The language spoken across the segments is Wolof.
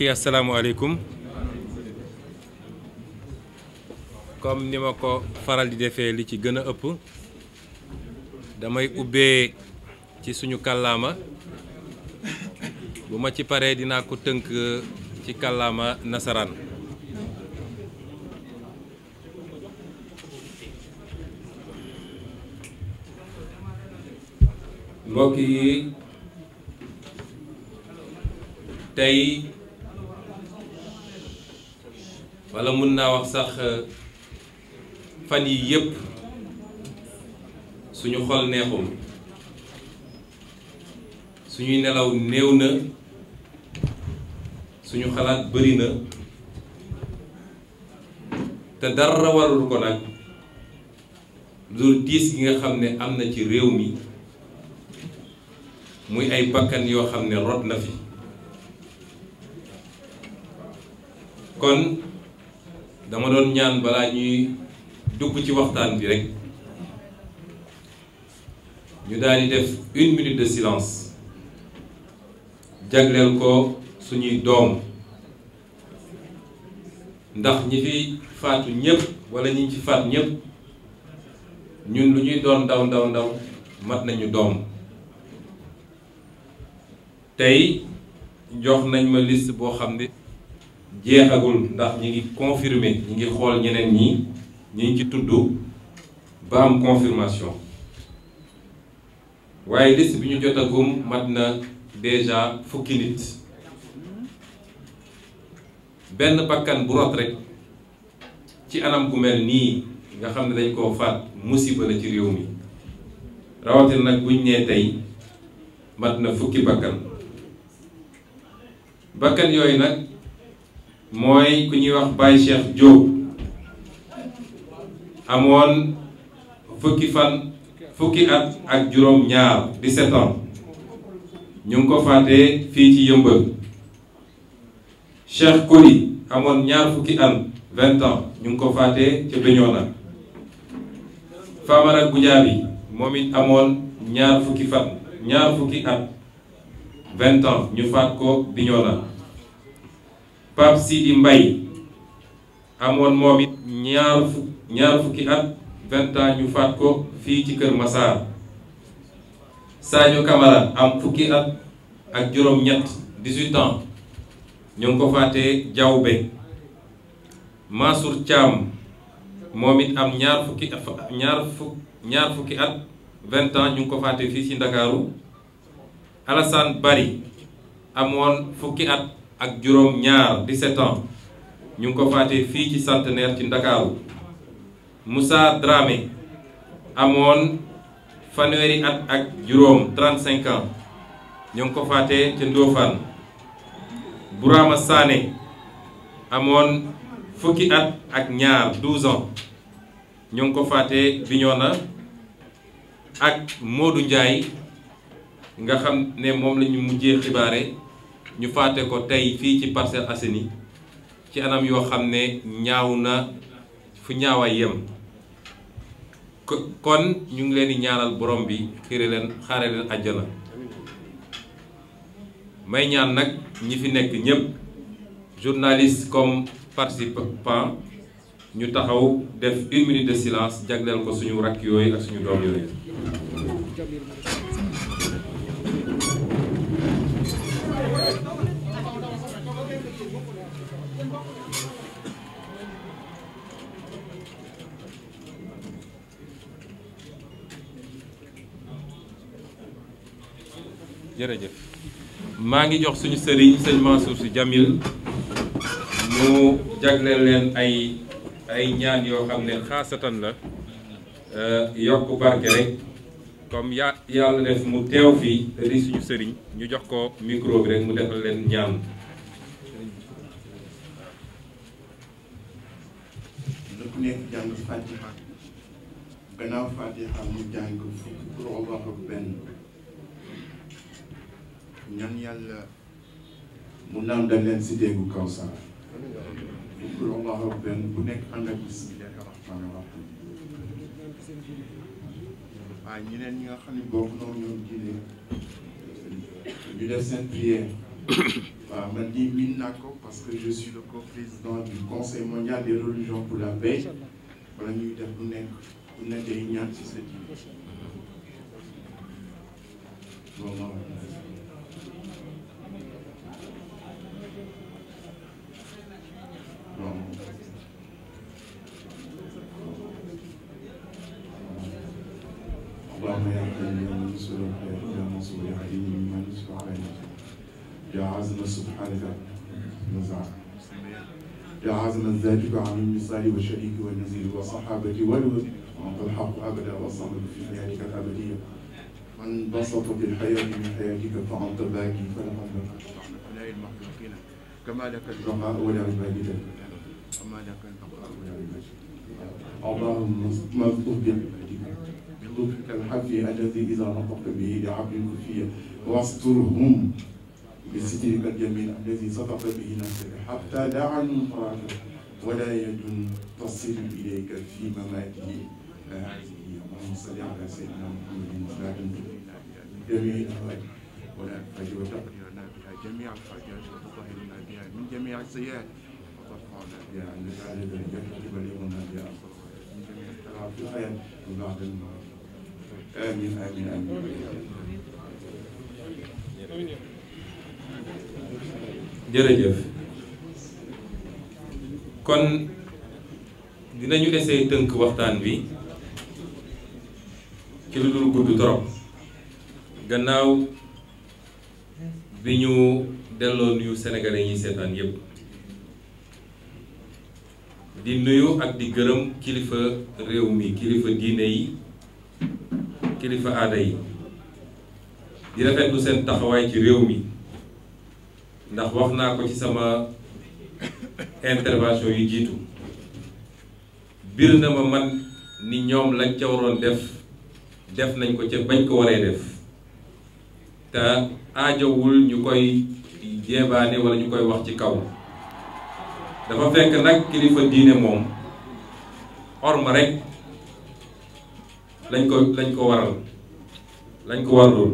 mbokk yi comme ni ma ko faral di defee li ci gën a ëpp damay ubbee ci suñu kàllaama bu ma ci paree dinaa ko tënk ci kàllaama nasaraan mbokk yi tey wala mun naa wax sax euh, fan yi yëpp suñu xol neexul suñuy nelaw néew na suñu xalaat bari na te dara warul ko nag loolu diis gi nga xam ne am na ci réew mi muy ay bakkan yoo xam ne rot na fi kon dama doon ñaan balaa ñuy dugg ci waxtaan bi rek ñu daal di def une minute de silence jagleel ko suñuy doom ndax ñi fi faatu ñépp walla ñi ci faat ñépp ñun lu ñuy doon ndaw ndaw ndaw mat nañu doom tey jox nañ ma liste boo xam ne jeexagul ndax ñi ngi confirmer ñi ngi xool ñeneen ñi ñu ngi ci tudd ba am confirmation waaye liste bi ñu jotagum mat na déjà fukki nit benn bakkan bu rot rek ci anam gu mel nii nga xam ne dañ koo faat musiba la ci réew mi rawatina nag buñ nee tey mat na fukki bakkan bakkan yooyu nag mooy ku ñuy wax Baye Cheikh Diop amoon fukki fan fukki at ak juróom ñaar 17 ans ñu ngi ko faatee fii ci yëmbal Cheikh Koli amoon ñaar fukki an 20 ans ñu ngi ko faatee ca Bignona Famara Goudiaby moom it amoon ñaar fukki fan ñaar fukki at 20 ans ñu faat ko Bignona Pape Sidi Mbaye amoon moom it ñaar fukk ñaar fukki at vingt ans ñu faat ko fii ci Kër saa ñu Camara am fukki at ak juróom-ñett dix-huit ans ñu ngi ko faatee Diaoubé Mansour Thiam moom it am ñaar fukki at vingt ans ñu ngi ko faatee fii ci Ndakaaru Alassane Bari amoon fukki at ak juróom ñaar 17 ans ñu ngi ko faatee fii ci centenaire ci Ndakaaru Moussa Dramé amoon fanweeri at ak juróom 35 ans ñu ngi ko faatee ca Ndofane Bourama Sané amoon fukki at ak ñaar 12 ans ñu ngi ko faatee Bignona ak Modou Ndiaye nga xam ne moom lañu ñu mujjee xibaare ñu faate ko tey fii ci Parcelles Assainies ci anam yoo xam ne ñaaw na fu ñaawaay yem kon ñu ngi leen di ñaanal borom bi xire leen xaare leen àjjana may ñaan nag ñi fi nekk ñëpp journaliste comme participant ñu taxaw def une minute de silence jagleel ko suñu rakk yooyu ak suñu doom yooyu jërëjëf maa ngi jox suñu sëriñ sëñ Mansour Sy Djamil mu jagleel leen ay ay ñaan yoo xam ne xaasatan la euh, yokk barke rek comme ya yàlla def mu teew fii te suñu sëriñ ñu jox ko micro bi rek mu defal leen ñaan ñaan yàlla mu nandal leen si déggu Kawsar lu Allah benn bu nekk ànd ak bismillahi rahmaani rahim waaw ñeneen ñi nga xam ne bokk noonu ñoom jine ñu def seen prière waaw man di min naa ko parce que je suis président du conseil mondial des religions pour la paix wala ñuy def bu nekk bu nekk day ñaan ci sa diine رسول عليم من العالمين يا عازم سبحانك نزع يا عازم الزاجب عن المثال والشريك والنزيل والصحابة والود وأنت الحق أبدا والصمد في حياتك الأبدية من بسط بالحياة من حياتك فأنت باقي فلا مهلك كما لك الرقاء ولا عبادك كما لك الرقاء ولا عبادك اللهم مذكور من لطفك الحفي الذي إذا نطقت به لعبد الكفية واسترهم بسترك الجميل الذي صدق به نفسك حتى لا عين قرأته ولا يد تصل إليك في مماته اللهم صل على سيدنا محمد وسلم جميع الأحوال ولا أحتاج وتقديرنا بها جميع الحاجات وتطهرنا بها من جميع السيئات وترفعنا بها عن نجعل درجات بلغنا بها وارزقها في äh, kon dinañu essayer tënk waxtaan bi ci lu dul gudd torop gannaaw bi ñu delloo nuyu sénégalais yi seetaan yépp di nuyu ak di gërëm kilifa réew mi kilifa diine yi kilifa aada yi di rafetlu seen taxawaay ci réew mi ndax wax naa ko ci sama intervention yu jiitu biir na ma man ni ñoom lañ ca waroon def def nañ ko ca bañ ko waree def te aajowul ñu koy jeebaane wala ñu koy wax ci kaw dafa fekk nag kilifa diine moom orma rek lañ ko lañ ko waral lañ ko warlul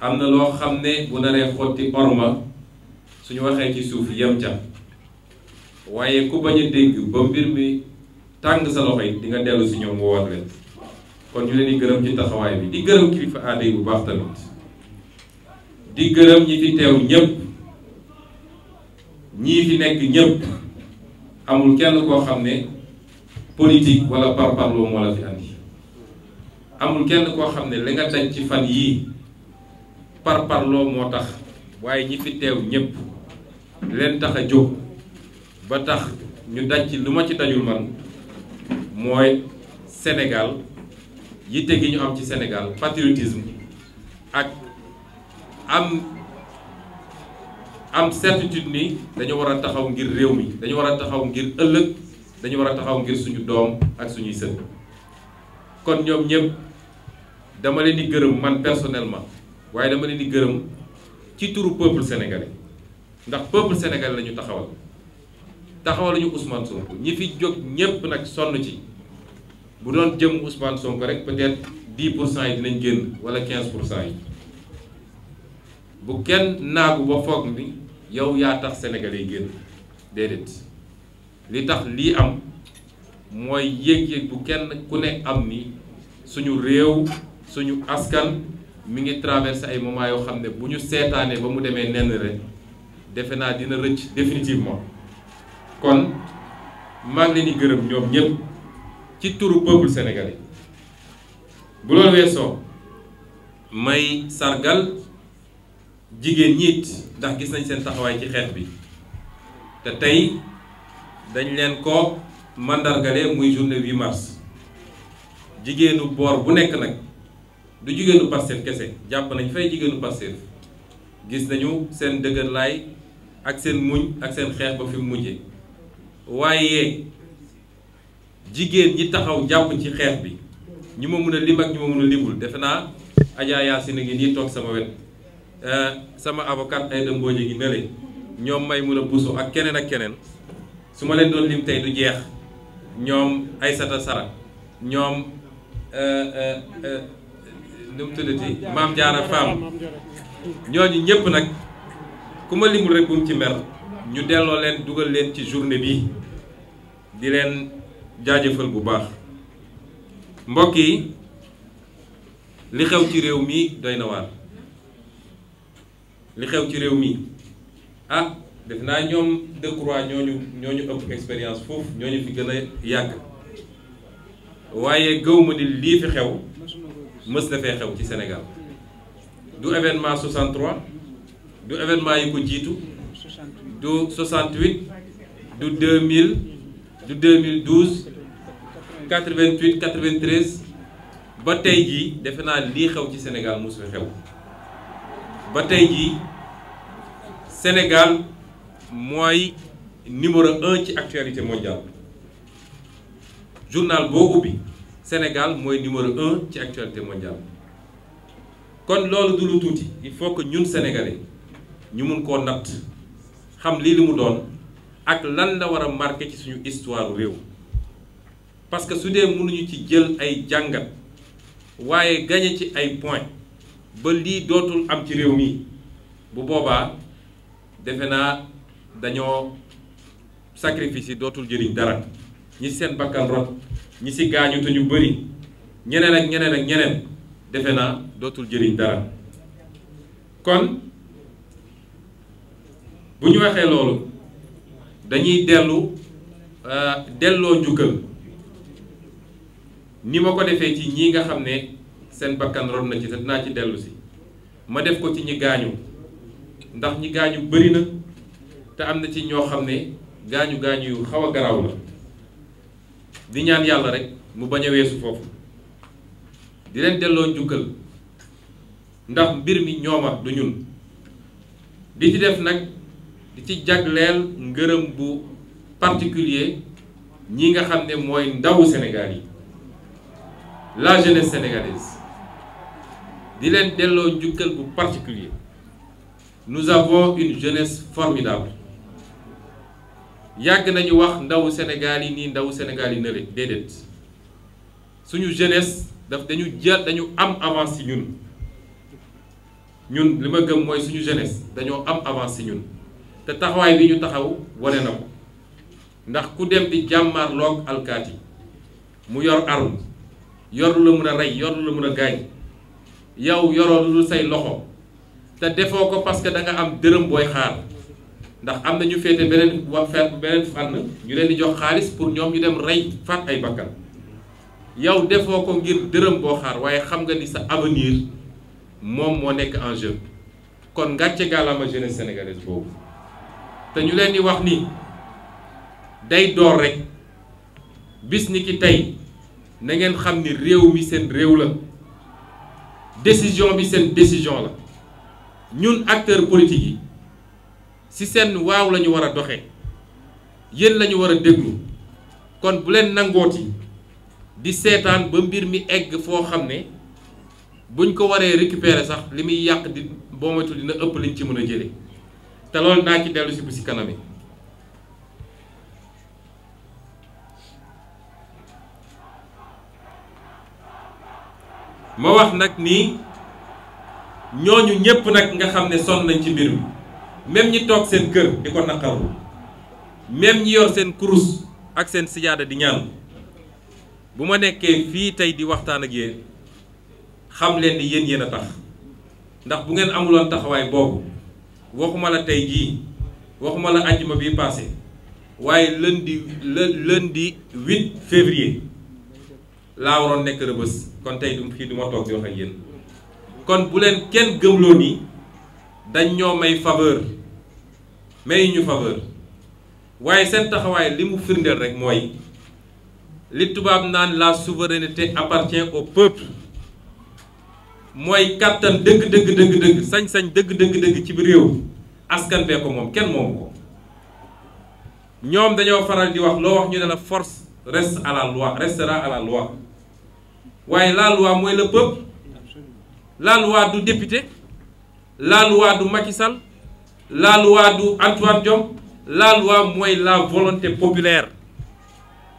am na loo xam ne bu naree xotti orma suñu waxee ci suuf yem ca waaye ku bañ a dégg ba mbir mi tàng sa loxo yi di nga dellu si ñoom woowaat leen kon ñu leen gërëm ci taxawaay bi di gërëm kilifa aada bu baax tamit di gërëm ñi fi teew ñëpp. ñii fi nekk ñëpp amul kenn koo xam ne politique wala parparloo moo la fi andi amul kenn koo xam ne li nga daj ci fan yii parparloo moo tax waaye ñi fi teew ñëpp leen tax a jóg ba tax ñu daj ci lu ma ci dajul man mooy senegal yitte gi ñu am ci senegal patriotisme ak am. am certitude ni dañu war a taxaw ngir réew mi dañu war a taxaw ngir ëllëg dañu war a taxaw ngir suñu doom ak suñuy sët kon ñoom ñëpp dama leen di gërëm man personnellement waaye dama leen di gërëm ci turu peuple sénégalais ndax peuple sénégalais la ñu taxawal taxawal ñu Ousmane Sonko ñi fi jóg ñëpp nag sonn ci bu doon jëm Ousmane Sonko rek peut-être dix pour cent yi dinañ génn wala quinze pour cent yi bu kenn naagu ba foog ni yow yaa tax sénégalais yi génn déedéet li tax lii am mooy yëg-yëg bu kenn ku ne am ni suñu réew suñu askan mu ngi traversé ay moments yoo xam ne bu ñu seetaanee ba mu demee nenn rek defe naa dina rëcc définitivement kon maa ngi leen di gërëm ñoom ñëpp ci turu peuple sénégalais bu loolu weesoo may sargal jigéen ñiit ndax gis nañ seen taxawaay ci xeex bi te tey dañ leen ko mandargale muy journée 8 mars jigéenu boor bu nekk nag du jigéenu Pastef kese jàpp nañ fay jigéenu Pastef gis nañu seen dëgërlaay ak seen muñ ak seen xeex ba fi mujje waaye jigéen ñi taxaw jàpp ci xeex bi ñu ma mun a lim ak ñu ma mun a limul defe naa Adja Yacine ngi nii toog sama wet Eh, sama avocat Aïda Mbodji ngi ne ñoom Maïmouna Bousso ak keneen ak keneen su ma leen doon lim tey du jeex ñoom ay Sara ñoom eh, eh, nu mu tuddati Maam Jaara Faam ñooñu ñëpp nag ku ma limul rek ci mer ñu delloo leen dugal leen ci journée bi di leen jaajëfal bu baax mbokk yi li xew ci réew mi doy na li xew ci réew mi ah def naa ñoom Decroix ñooñu ñooñu ëpp expérience foofu ñooñu fi gën a yàgg waaye gëw ma ni lii fi xew mës na fee xew ci Sénégal du événement 63 du événement yi ko jiitu du 68 du 2000 du 2012 88 93 ba tey jii defe naa lii xew ci Sénégal mës fi xew. ba tey jii Sénégal mooy numéro un ci actualité mondiale journal boo ubbi Sénégal mooy numéro un ci actualité mondiale kon loolu du lu tuuti il faut que ñun sénégalais ñu mun koo natt xam lii li mu doon ak lan la war a marqué ci suñu histoire réew parce que su dee mënuñu ci jël ay jàngat waaye gagné ci ay points ba lii dootul am ci réew mi bu boobaa defe naa dañoo sacrifice yi dootul jëriñ dara ñi seen bakkan rot ñi si gaañu te ñu bëri ñeneen ak ñeneen ak ñeneen defe naa dootul jëriñ dara kon bu ñu waxee loolu dañuy dellu euh, delloo njukkal ni ma ko defee ci ñi nga xam ne seen bakkan ron na ci te dinaa ci dellusi ma def ko ci ñi gaañu ndax ñi gaañu bëri na te am na ci ñoo xam ne gaañu gaañu yu xaw a garaaw la di ñaan yàlla rek mu bañ a weesu foofu di leen delloo njukkal ndax mbir mi ñooma du ñun di ci def nag di ci jagleel ngërëm bu particulier ñi nga xam ne mooy ndawu Sénégal yi la jeunesse sénégalaise di leen delloo njukkal bu particulier nous avons une jeunesse formidable yàgg nañu wax ndawu Sénégal yi nii ndawu Sénégal yi nële déedéet suñu jeunesse daf dañu jël dañu am avance ci ñun ñun li ma gëm mooy suñu jeunesse dañoo am avance ci ñun te taxawaay bi ñu taxaw wane na ko ndax ku dem di jàmmaarloog alkaati mu yor arme yor lu la mën a rey yor lu la mën a gaañ yow yoroo lu dul say loxo te defoo ko parce que da nga am dërëm booy xaar ndax am na ñu féete beneen wa fet beneen fànn ñu leen di jox xaalis pour ñoom ñu dem rey faat ay bakkan yow defoo ko ngir dërëm boo xaar waaye xam nga ni sa avenir moom moo nekk en kon ngàcce gàllaama jeunesse sénégalaise boobu te ñu leen di wax ni day door rek bis ni ki tey na ngeen xam ni réew mi seen réew la décision bi seen décision la ñun acteurs politiques yi ci seen waaw lañu ñu war a doxee yéen la war a déglu kon bu leen nangooti di seetaan ba mbir mi egg foo xam ne buñ ko waree récupérer sax li muy yàq di boomatul dina ëpp liñ ci mën a jëlee te loolu naa ci dellu si bu si kaname ma wax nag nii ñooñu ñépp nag nga xam ne sonn nañ ci mbir mi même ñi toog seen kër di ko naqaru même ñi yor seen kurus ak seen sijaada di ñaan bu ma nekkee fii tey di waxtaan ak yéen xam leen ni yéen yéen a tax ndax bu ngeen amuloon taxawaay boobu waxuma la tey jii waxuma la ajjuma bi passé waaye lën di lundi lundi 8 février laa waroon nekk rëbës kon tey du du ma toog di wax ak yéen kon bu leen kenn gëmloo ni dañ ñoo may faveur may ñu faveur waaye seen taxawaay li mu firndeel rek mooy li tubaab naan la souveraineté appartient au peuple mooy kàttan dëgg dëgg dëgg dëgg sañ-sañ dëgg dëgg dëgg ci biir réew askan bee ko moom kenn moomu ko ñoom dañoo faral di wax loo wax ñu ne la force reste à la loi waaye la mooy le peuple la loi du député la loi du Macky Sall la loi du Antoine Diome la loi mooy la volonté populaire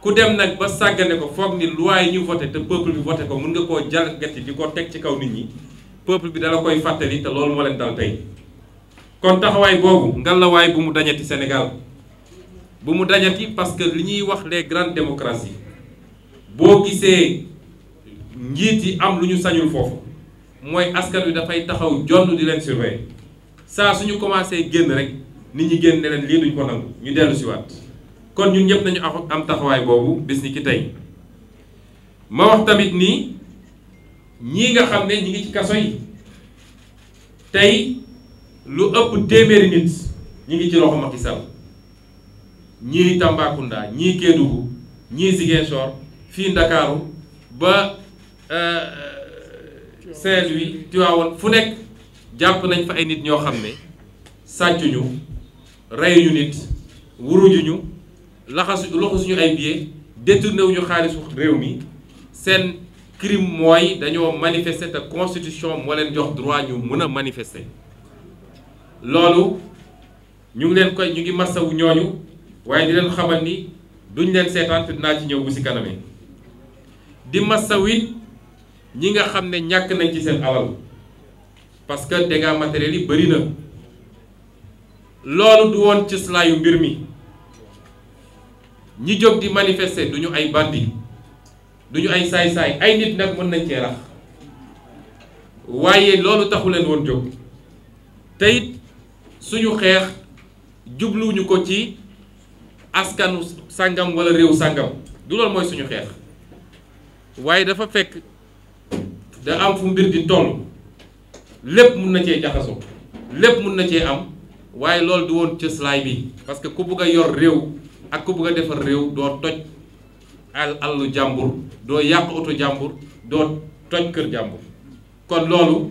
ku dem nag ba sàggane ko foog ni loi yi ñu voté te peuple bi voté ko mun nga koo jalgati di ko teg ci kaw nit ñi peuple bi dala koy fàttali te loolu moo leen dal tey kon taxawaay boobu ngalawaay bu mu dañati Sénégal bu mu dañati parce que li ñuy wax les grande démocraties boo gisee njiit yi am lu ñu sañul foofu mooy askan wi dafay taxaw jonn di leen surveiller saa suñu commencé génn rek nit ñi génn ne leen lii duñ ko nangu ñu dellu waat kon ñun ñëpp nañu am taxawaay boobu bis ni ki tey ma wax tamit nii ñii nga xam ne ñi ngi ci kaso yi tey lu ëpp téeméeri nit ñi ngi ci loxo Macky Sall ñii Tambacounda ñii Kédougou ñii Ziguinchor fii Ndakaaru ba Euh, euh, Saint-Louis Tivaouane fu nekk jàpp nañ fa ay nit ñoo xam ne sàccuñu reyuñu nit wurujuñu laxasu laxasuñu ay billets détourné wuñu xaalisu réew mi seen crime mooy dañoo manifester te constitution moo leen jox droit ñu mën a manifester loolu ñu ngi leen koy ñu ngi massawu ñooñu waaye di leen xamal ni duñ leen seetaan te dinaa ci ñëw bu si kanamee di massawit ñi nga xam ne ñàkk nañ ci seen alal parce que dégâts matériels yi bëri na loolu du woon cëslaayu mbir mi ñi jóg di manifester duñu ay bandi duñu ay saay-saay ay nit nag mën nañ cee rax waaye loolu taxu leen woon jóg te it suñu xeex jubluwuñu ko ci askanu sàngam wala réew sàngam du loolu mooy suñu xeex waaye dafa fekk. da am fu mbir di toll lépp mun na cee jaxasoo lépp mun na cee am waaye loolu di woon cëslaay bi parce que ku bugg a yor réew ak ku bugg a defar réew doo toj al allu jàmbur doo yàq oto jàmbur doo toj kër jàmbur kon loolu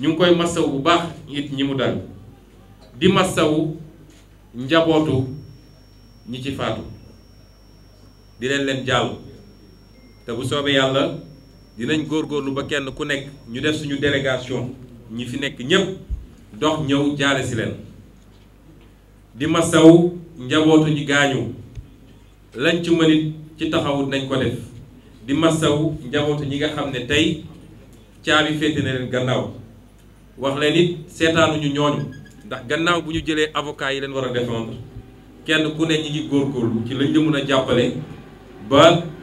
ñu ngi koy massaw bu baax it ñi mu dal di massawu njabootu ñi ci faatu di leen leen jàll te bu soobee yàlla dinañ góor góorlu ba kenn ku nekk ñu def suñu délégation ñi fi nekk ñépp dox ñëw jaale si leen di masaw njabootu ñi gaañu lañ ci mënit ci taxawut nañ ko def di masaw njabootu ñi nga xam ne tey caabi féete na leen gannaaw wax leen it seetaanuñu ñooñu ndax gannaaw bu ñu jëlee avocat yi leen war a défendre kenn ku ne ñi ngi góorgóorlu ci lañ la mën a jàppale ba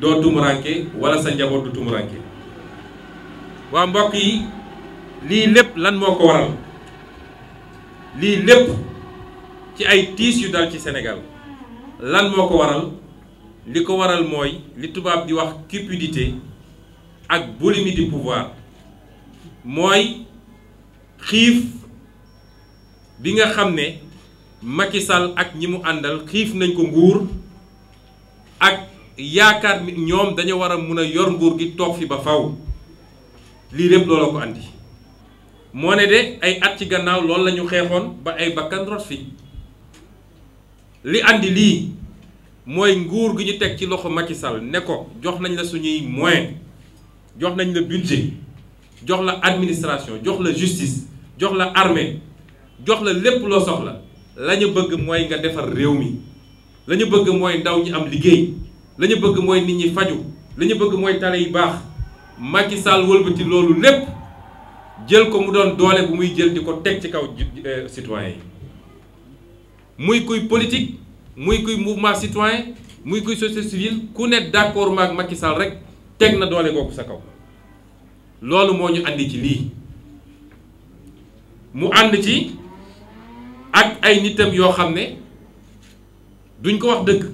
doo tumuranke wala sa njaboot du tumuranke waa mbokk yi lii lépp lan moo ko waral lii lépp ci ay tiis yu dal ci Sénégal lan moo ko waral li ko waral mooy li tubaab bi wax cupidité ak boulimie du pouvoir mooy xiif bi nga xam ne Macky ak ñi mu àndal xiif nañ ko nguur ak yaakaar ni ñoom dañu war a mun a yor nguur gi toog fi ba faw lii lépp looloo ko andi moo ne de ay at ci gannaaw lool lañu xeexoon ba ay bakkan rot fi li andi lii mooy nguur gi ñu teg ci loxo Macky Sall ne ko jox nañ la suñuy moyen jox nañ la budget jox la administration jox la justice jox la armée jox la lépp loo soxla la ñu bëgg mooy nga defar réew mi la bëgg mooy ndaw ñi am liggéey la bëgg mooy nit ñi faju la ñu bëgg mooy tale yi baax Macky Sall wëlbati loolu lépp jël ko mu doon doole bu muy jël di ko teg ci kaw euh, citoyen yi muy kuy politique muy kuy mouvement citoyen muy kuy société civile ku ne d'accord maak Macky Sall rek teg na doole googu sa kaw loolu moo ñu andi ci lii mu ànd ci ak ay nitam yoo xam ne duñ ko wax dëgg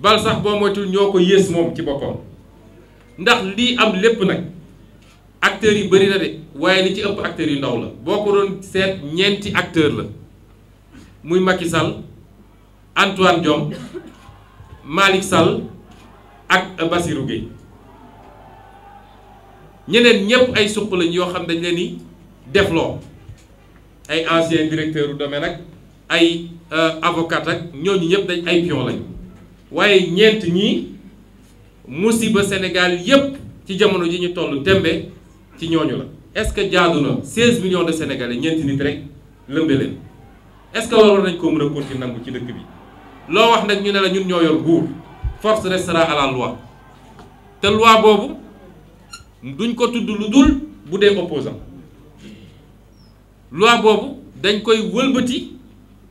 bal sax boo moytul ñoo ko yées moom ci boppam ndax lii am lépp nag acteurs yi bëri na de waaye li ci ëpp acteurs yu ndaw la boo ko doon seet ñeenti acteur la muy Macky Sall Antoine Diome Malick sal ak Bassirou Gueye ñeneen ñépp ay suq lañ yoo xam dañ leen ni defloo ay ancien directeur dome nag ak ay euh, avocat ak ñooñu ñëpp dañ ay pion lañ waaye ñeent ñii musiba Sénégal yépp ci jamono ji ñu toll tembe ci ñooñu la est-ce que jaadu na 16 millions de sénégalais ñeenti nit rek lëmbe leen est-ce nañ ko mën a continuer nangu ci dëkk bi loo wax nag ñu ne la ñun ñoo yor nguur force restera à la loi te loi boobu duñ ko tudd lu dul bu dee opposant loi boobu dañ koy wëlbati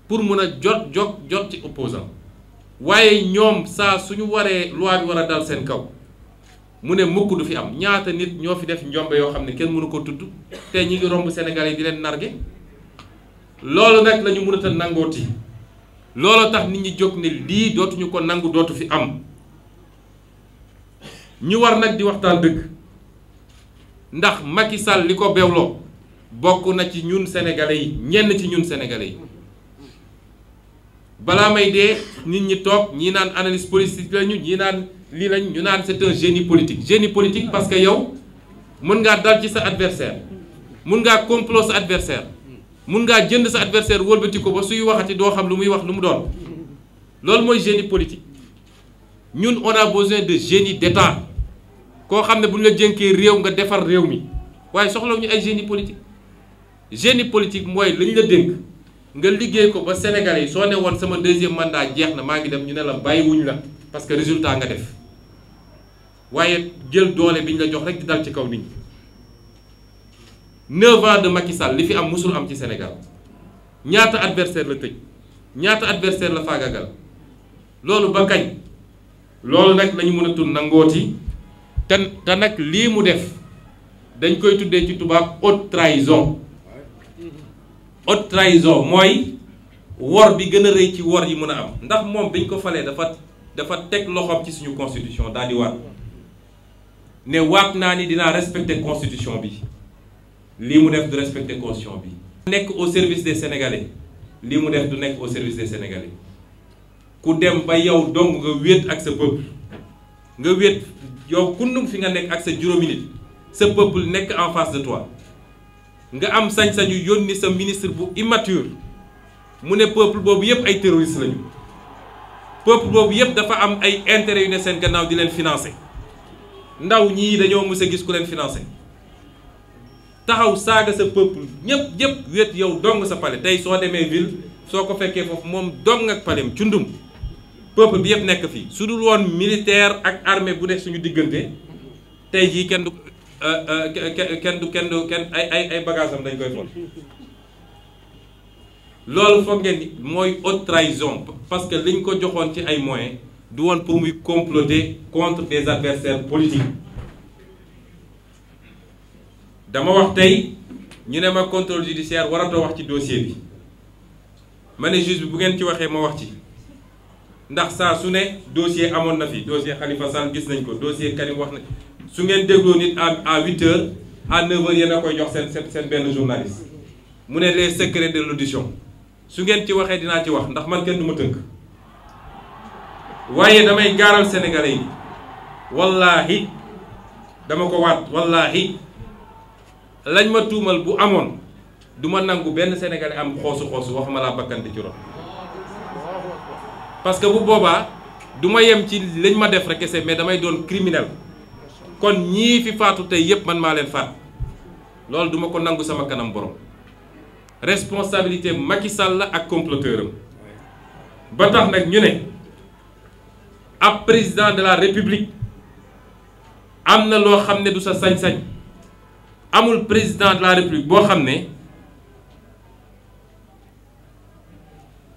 pour mën a jot jot jot ci opposant waaye ñoom saa suñu waree loi bi war a dal seen kaw mu ne mukk du fi am ñaata nit ñoo fi def njombe yoo xam ne kenn mënu ko tudd te ñi ngi romb Sénégal yi di leen narge loolu nag lañu mënata nangooti looloo tax nit ñi jóg ne lii dootuñu ko nangu dootu fi am ñu war nag di waxtaan dëgg ndax Macky sal li ko bewloo bokk na ci ñun sénégalais yi ñenn ci ñun sénégalais yi balaa may dee nit ñi toog ñi naan analyse politique lañu ñii naan lii lañ ñu naan c'est un politique génie politique parce que yow mën ngaa dal ci sa adversaire mun ngaa complot sa adversaire mun ngaa jënd sa adversaire wëlbati ko ba suy waxati doo xam lu muy wax lu mu doon loolu mooy génie politique ñun on a besoin de génie d'État koo xam ne bu ñu la jënkee réew nga defar réew mi waaye soxla ñu ay génie politique génie politique mooy lañ la dénk nga liggéey ko ba Sénégalais yi soo ne woon sama deuxième mandat jeex na maa ngi dem ñu ne la bàyyiwuñ la parce que résultat nga def waaye jël doole bi ñu la jox rek di dal ci kaw nit ñi neuf de Macky Sall li fi am mosul am ci Sénégal ñaata adversaire la tëj ñaata adversaire la faagagal loolu ba kañ loolu nag lañu mën a tur nangooti te te nag lii mu def dañ koy tuddee ci tubaab ot traison haute trahison mooy wor bi gën a rëy ci wor yi mën a am ndax moom biñ ko falee dafa dafa teg loxoom ci suñu constitution daal waat ne waat naa ni dinaa respecter constitution bi lii mu def du respecter constitution bi. nekk au service des sénégalais lii mu def du nekk au service des sénégalais ku dem ba yow dong nga wéet ak sa peuple nga wéet yow kundum fi nga nekk ak sa juróomi nit sa peuple nekk en face de toit nga am sañ-sañu yónni sa ministre bu immature mu ne peuple boobu yëpp ay terroriste lañu peuple boobu yëpp dafa am ay intérêt yu ne seen gannaaw di leen financé ndaw ñii dañoo mës a gis ku leen financé taxaw saaga sa peuple ñëpp ñëpp wéet yow dong sa pale tey soo demee ville soo ko fekkee foofu moom dong ak palem cundum peuple bi yëpp nekk fii su dul woon militaire ak armée bu nekk suñu diggante tey jii kenn du kenn du kenn du kenn ay ay ay bagages am dañ koy fol loolu foog ngeen mooy haute trahison parce que liñ ko joxoon ci ay moyens du woon pour muy comploter contre des adversaires politiques dama wax tey ñu ne ma contrôle judiciaire waratoo wax ci dossier bi ma ne juge bi bu ngeen ci waxee ma wax ci ndax saa su ne dossier amoon na fi dossier Khalifa Sall gis nañ ko dossier Karim wax na su ngeen dégloo nit à à huit heures à neuf heures yéen a koy jox seen seen seen benn journaliste mu ne les secrets de l'audition su ngeen ci waxee dinaa ci wax ndax man kenn du ma tënk waaye damay gaaral sénégalais yi wallaahi dama ko waat wallaahi lañ ma tuumal bu amoon duma nangu benn sénégalais am xoosu xoosu waxuma laa bakkan di ci ron parce que bu boobaa du ma yem ci lañ ma def rek kese mais damay doon criminel kon ñii fi faatu tey yépp man maa leen faat loolu duma ko nangu sama kanam borom responsabilité Macky Sall la ak comploteur am ba tax nag ñu ne ab président de la république am na loo xam ne du sa sañ-sañ amul président de la république boo xam ne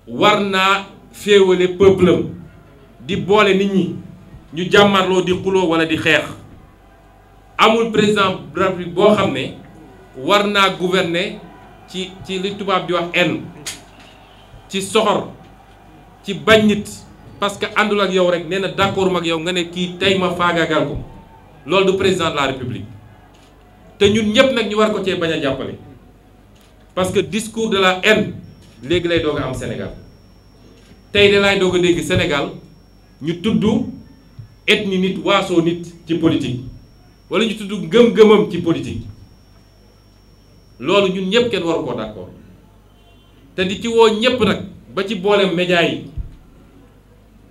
war naa féewale peuple di boole nit ñi ñu jàmmarloo di xuloo walla di xeex amul président de boo xam ne war naa gouverner ci ci li tubaab bi wax haine ci soxor ci bañ nit parce que àndul ak yow rek nee na d'accord ak yow nga ne kii tey ma faagaagal ko loolu du président la République te ñun ñëpp nag ñu war ko cee bañ a jàppale parce que discours de la haine léegi lay doog a am Sénégal tey de laay doog a dégg Sénégal ñu tudd ethnie nit waasoo nit ci politique. wala ñu tudd gëm-gëmam ci politique loolu ñun ñëpp kenn waru koo d'accord te di ci woo ñëpp nag ba ci booleem média yi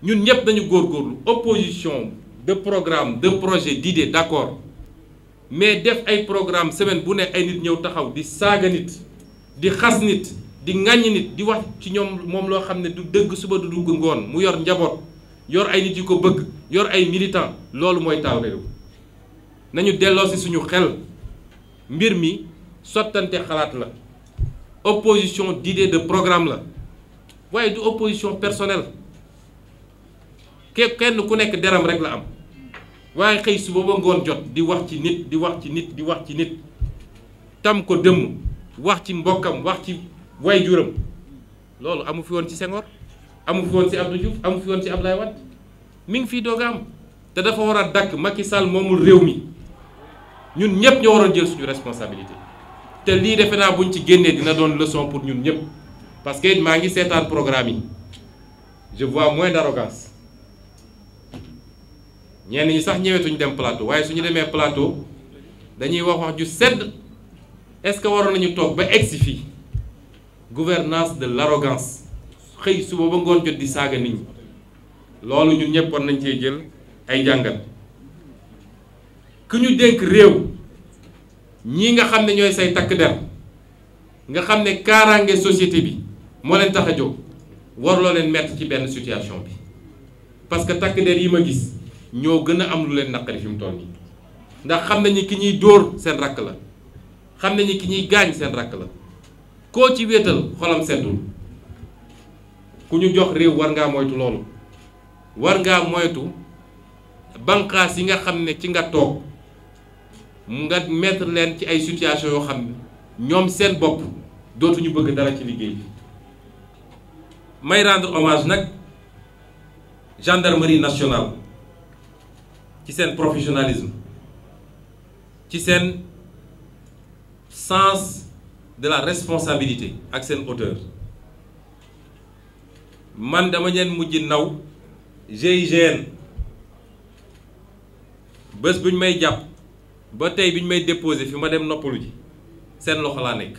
ñun ñëpp dañu góorgóorlu opposition de programme de projet d'idée d'accord mais def ay programme semaine bu ne ay nit ñëw taxaw di saaga nit di xas nit di ŋàññ nit di wax ci ñoom moom loo xam ne du dëgg suba du dugg ngoon mu yor njaboot yor ay nit yu ko bëgg yor ay militant loolu mooy taaw réew nañu delloo si suñu xel mbir mi sottante xalaat la opposition d'idée de programme la waaye du opposition personnel ke kenn ku nekk deram rek la am waaye xëy suba ba ngoon jot di wax ci nit di wax ci nit di wax ci nit tam ko dëmm wax ci mbokkam wax ci way waajuram loolu amu fi woon ci Senghor amu fi woon ci Abdou Diouf amu fi woon ci Abdoulaye Wade mi ngi fii doog te dafa war a dakk Macky Sall moomul réew mi ñun ñëpp ñoo waral jël suñu responsabilité te lii defe naa buñ ci génnee dina doon leçon pour ñun ñëpp parce que maa ngi seetaan programme yi je vois moins d'arrogance ñenn ñi sax ñëwetuñu dem plateau waaye suñu demee plateau dañuy wax wax ju sedd est-ce que waroon nañu toog ba egsi fii gouvernance de l'arrogance xëy suba ba ngoon jot di saaga nit ñi loolu ñun ñëpp war nañ cee jël ay jàngat. ki ñu dénk réew ñii nga xam ne ñooy say takk der nga xam ne kaaraange société bi moo leen tax a jóg war warloo leen mettre ci benn situation bi parce que takk der yi ma gis ñoo gën a am lu leen naqari fi mu toll nii ndax xam nañu ki ñuy dóor seen rakk la xam nañu ki ñuy gaañ seen rakk la koo ci wéetal xolam seddul ku ñu jox réew war ngaa moytu loolu war ngaa moytu banqaas yi nga xam ne ci nga toog mu nga mettre leen ci ay situation yoo xam ne ñoom seen bopp dootuñu bëgg dara ci liggéey bi may rendre hommage nag gendarmerie nationale ci seen professionnalisme ci seen sens de la responsabilité ak seen hauteur man dama leen mujj naw gene bés bu ñu may jàpp ba tey bi ñu may déposé fi ma dem noppalu ji seen loxo laa nekk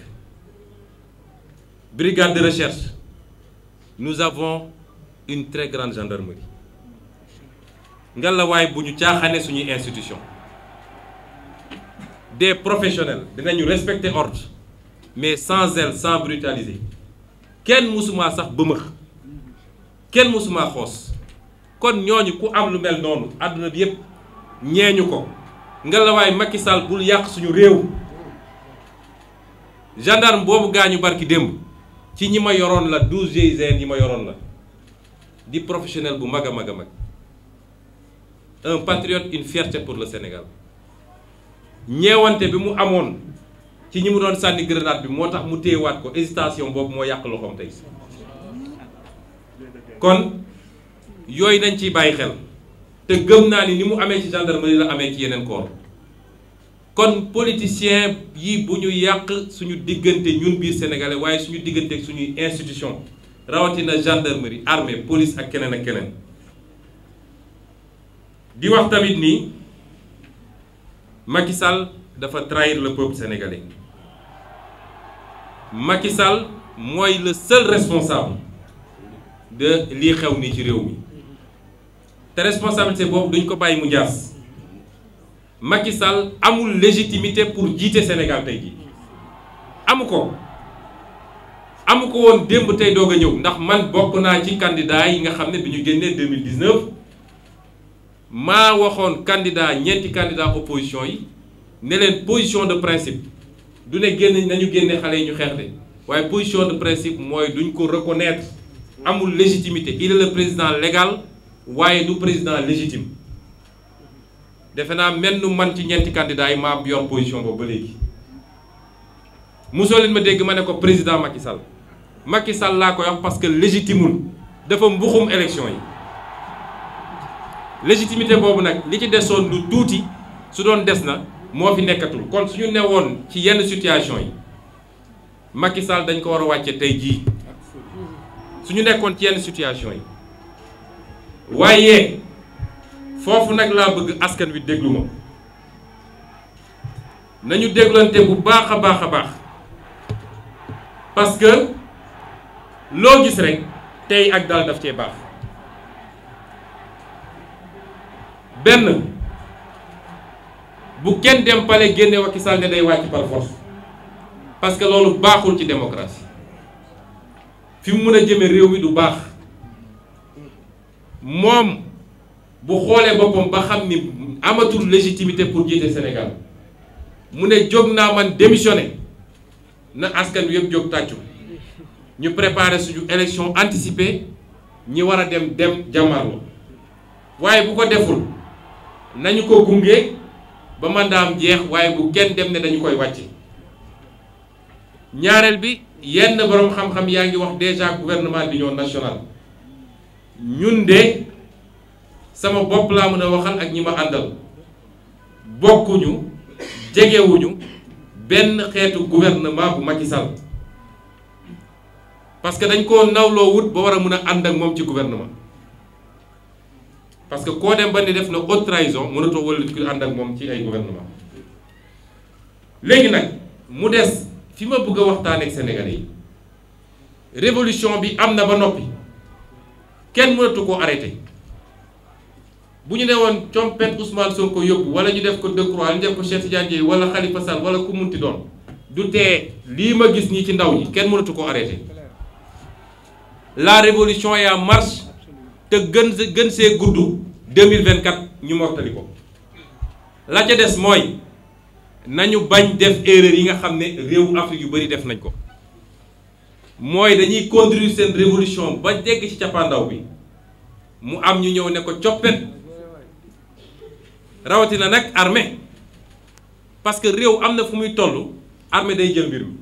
brigade de recherche nous avons une très grande gendarmerie ngelawaay bu ñu caaxaane suñuy institution des professionnels ñu respecter ordre mais sans zèle sans brutaliser kenn mësuma sax bëmëx kenn mësuma xoos kon ñooñu ku am lu mel noonu àdduna bi yëpp ñeeñu ko ngelawaay Macky Sall bul yàq suñu réew gendarme boobu gaañu barki démb ci ñi ma yoroon la 12 GIGN yi ma yoroon la di professionnel bu mag a mag a mag un patriote une fierté pour le Sénégal ñeewante bi mu amoon ci ñi mu doon sànni grenade bi moo tax mu téyewaat ko hésitation boobu moo yàq loxoom tey kon yooyu dañ ciy bàyyi xel te gëm naa ni ni mu amee ci gendarmerie la amee ci yeneen corps kon politicien yi bu ñu yàq suñu diggante ñun biir sénégalais waaye suñu diggante ak suñuy institution rawatina gendarmerie armée police ak keneen ak keneen di wax tamit nii Macky Sall dafa trahir le peuple sénégalais Macky Sall mooy le seul responsable de lii xew nii ci réew mi te responsabilité boobu duñ ko bàyyi mu njaas Macky Sall amul légitimité pour jiite Sénégal tey jii amu ko amu ko woon démb tey doog a ñëw ndax man bokk naa ci candidat yi nga xam ne bi ñu génnee 2019 maa waxoon candidat ñeenti candidat opposition yi ne leen position de principe du ne génn nañu génne xale yi ñu xeex de waaye position de principe mooy duñ ko reconnaître amul légitimité il est le président légal waaye du président légitime defe naa mel nu man ci ñeenti candidat yi maa yor position boobu ba léegi mosoo leen ma dégg ma ne ko président Macky Sall Macky Sall laa ko wax parce que légitimul dafa mbuxum élection yi légitimité boobu nag li ci desoon lu tuuti su doon des na moo fi nekkatul kon suñu newoon ci yenn situation yi Macky Sall dañ ko war a wàcce tey jii su ñu nekkoon ci yenn situation yi waaye foofu nag laa bëgg askan wi déglu ma nañu déglante bu baax a baax a baax parce que loo gis rek tey ak daal daf cee baax benn bu kenn dem pale génne Macky Sall ne day wàcc par force parce que loolu baaxul ci démocratie fi mu mën a jëme réew mi du baax moom bu xoolee boppam ba xam ni amatul légitimité pour jiite Sénégal mu ne jóg naa man démissionné na askan wi yëpp jóg tàccu ñu préparer suñu élection anticipée ñi war a dem dem jàmmarloo waaye bu ko deful nañu ko gunge ba mandaam jeex waaye bu kenn dem ne dañu koy wàcce ñaareel bi yenn boroom xam-xam yaa ngi wax déjà gouvernement d'union national ñun de sama bopp laa mën a waxal ak ñi ma àndal bokkuñu jegewuñu benn xeetu gouvernement bu Macky Sall parce que dañ koo nawloo wut ba war a mën a ànd ak moom ci gouvernement parce que koo dem ba ni def na haute mënatoo wëlbati ku ànd ak moom ci ay gouvernement léegi nag mu des fi ma bëgg a waxtaan ak Sénégalais yi révolution bi am na ba noppi kenn mënatu koo arrêté bu ñu ne woon compet Ousmane Sonko yóbbu wala ñu def ko Decroix ñu def ko Cheikh Tidiane Dièye wala Khalifa Sall wala ku munti doon du tee lii ma gis ñii ci ndaw ñi kenn mënatu ko arrêté la révolution ya en marche te gën gën see gudd 2024 ñu mortali ko la ca des mooy nañu bañ def erreur yi nga xam ne réewu Afrique yu bëri def nañ ko mooy dañuy conduire seen révolution ba dégg ci cappaandaw bi mu am ñu ñëw ne ko coppet rawatina nag armée parce que réew am na fu muy toll armée day jël mbir mi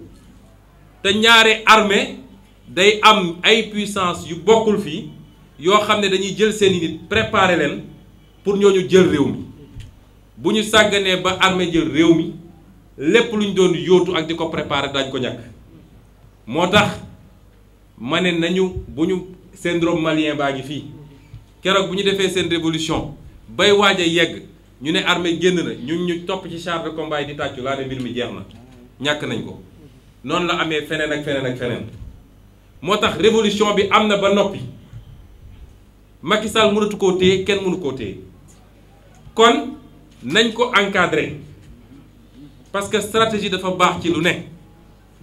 te ñaare armée day am ay puissance yu bokkul fii yoo xam ne dañuy jël seen i nit préparer leen pour ñoo ñu jël réew mi bu ñu sàgganee ba armée jël réew mi lépp lu ñu doon yóotu ak di ko préparer dañ ko ñàkk moo tax ma ne nañu bu ñu syndrome malien baa ngi fii keroog bu ñu defee seen révolution bay waaj a yegg ñu ne armée génn na ñu ñu topp ci char de combat yi di tàccu laa ne mbir mi jeex na ñàkk nañ ko noonu la amee feneen ak feneen ak feneen moo tax révolution bi am na ba noppi Macky Sall mënatu koo téye kenn mënu koo téye kon nañ ko encadrer parce que stratégie dafa baax ci lu ne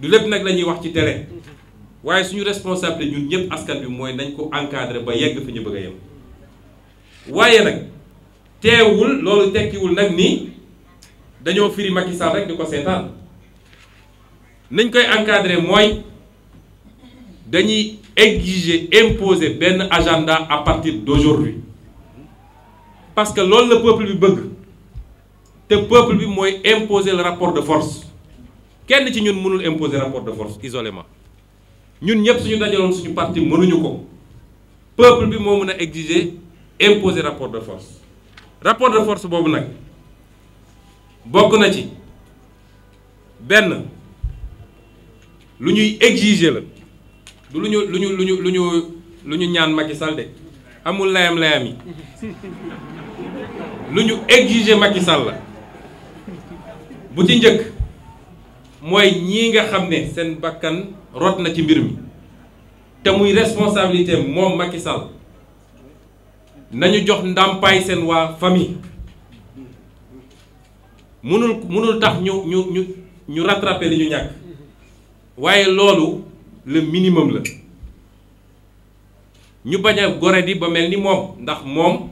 du lépp nag la ñuy wax ci télé waaye suñu responsabilité ñun ñëpp askan bi mooy nañ ko encadrer ba yegg fi ñu bëgg a yem waaye nag. teewul loolu tekkiwul nag nii dañoo firi Macky Sall rek di ko seetaan nañ koy encadrer mooy dañuy exiger imposer benn agenda à partir d'aujourd'hui parce que loolu la peuple bi bëgg te peuple bi mooy imposer le rapport de force kenn ci ñun mënul imposer rapport de force isolément ñun ñëpp suñu dajaloon suñu parti mënuñu ko peuple bi moo mën a exiger imposer rapport de force rapport de force boobu nag bokk na ci benn lu ñuy exiger la lu ñu lu ñu lu ñu lu ñu lu ñu ñaan Macky Sall de amul layam-layam yi lu ñu exiger Macky Sall la bu ci njëkk mooy ñii nga xam ne seen bakkan rot na ci mbir mi te muy responsabilité moom Macky nañu jox ndàmpaay seen waa famille mënul mënul tax ñu ñu ñu ñu rattraper li ñu ñàkk waaye loolu le minimum la ñu bañ a gore di ba mel ni moom ndax moom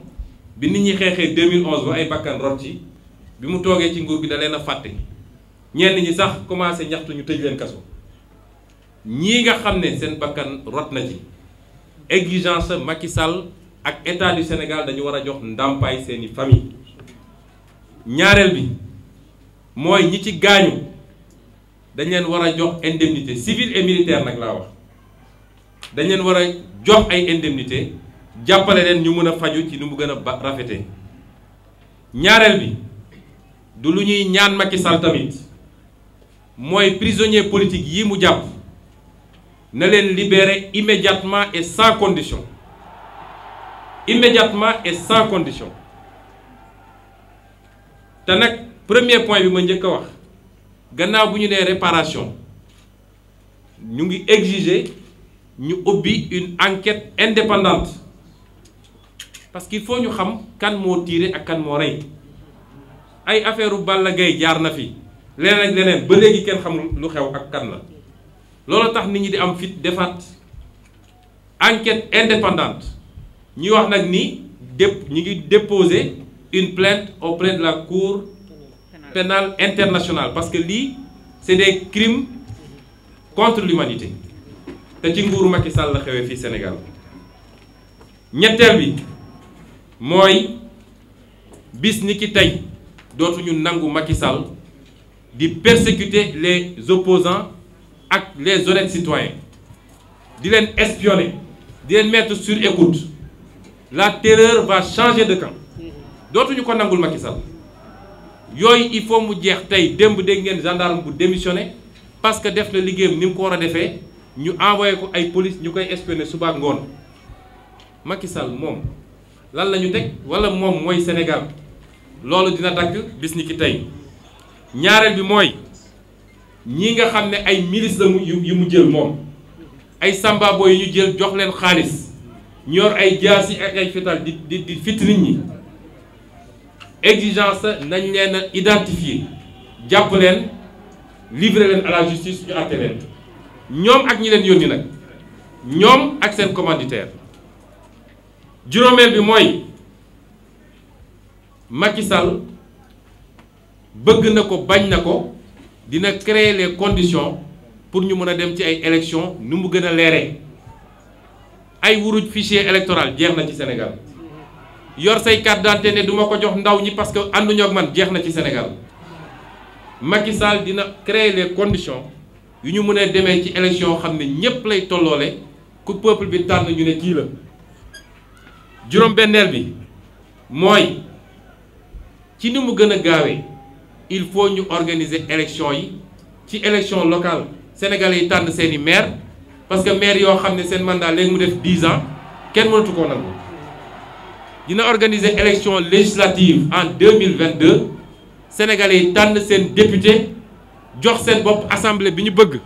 bi nit ñi xeexee 2011 ba ay bakkan rot ci bi mu toogee ci nguur gi da leen a fàtte ñenn ñi sax commencé ñaxtu ñu tëj leen kaso ñii nga xam ne seen bakkan rot na ci exigence Macky Sall ak état du Sénégal dañu war a jox ndàmpaay seeni famille ñaareel bi mooy ñi ci gaañu dañ leen war a jox indemnité civile et militaire nag laa wax dañ leen war a jox ay indemnité jàppale leen ñu mën a faju ci nu mu gën a ba rafetee ñaareel bi du lu ñuy ñaan Macky Sall tamit mooy prisonnier politique yi mu jàpp na leen libérer immédiatement et sans condition immédiatement et sans condition te nag premier point bi ma njëkk a wax gannaaw bu ñu nee réparation ñu ngi exiger ñu ubbi une enquête indépendante parce que faut ñu xam kan moo tiire ak kan moo rey ay affaire u Balla Gaye jaar na fi leneen ak leneen ba léegi kenn xamul lu xew ak kan la loolu tax nit ñi di am fit defaat enquête indépendante ñuy wax nag ni dép ñu ngi déposer une plainte auprès de la cour pénale internationale parce que lii c'est des crimes contre l'humanité te ci nguuru Macky Sall la xewee fii Sénégal ñetteel bi mooy bis ni ki tey dootuñu nangu Macky Sall di persécuter les opposants ak les honnêtes citoyens di leen espionner di leen mettre sur écoute la terreur va changer de camp dootuñu ko nangul Macky Sall yooyu il faut mu jeex tey démb dégg ngeen gendarme bu démissionné parce que def na liggéeyam ni mu ko war a defee ñu envoyé ko ay police ñu koy espionné suba ak ngoon Macky moom lan la ñu teg wala moom mooy Sénégal loolu dina dakk bis tey ñaareel bi mooy ñi nga xam ne ay milices la yu mu jël moom ay sambabo yi ñu jël jox leen xaalis. ñor ay jaasi ak ay fetal di di di fit nit ñi exigence nañ leen a identifier jàpp leen livrer leen à la justice ñu àtte leen ñoom ak ñi leen yónni nag ñoom ak seen commanditaire juróomeel bi mooy Macky Sall bëgg na ko bañ na ko dina créer les conditions pour ñu mën a dem ci ay élections ni mu gën a leere ay wuruj fichier électoral jeex na ci Sénégal yor say carte d'identité ne du ko jox ndaw ñi parce que ànduñoo ak man jeex na ci Sénégal Macky Sall dina créer les conditions yu ñu mënee demee ci élection xam ne ñépp lay tolloole ku peuple bi tànn ñu ne kii la juróom-benneel bi mooy ci ni mu gën a gaawee il faut ñu organiser élection yi ci élection locale sénégalais yi tànn seeni maire parce que maire yoo xam ne seen mandat léegi mu def 10 ans kenn mënatu koo nangu dina organiser élection législative en 2022 sénégalais yi tànn seen député jox seen bopp assemblée bi ñu bëgg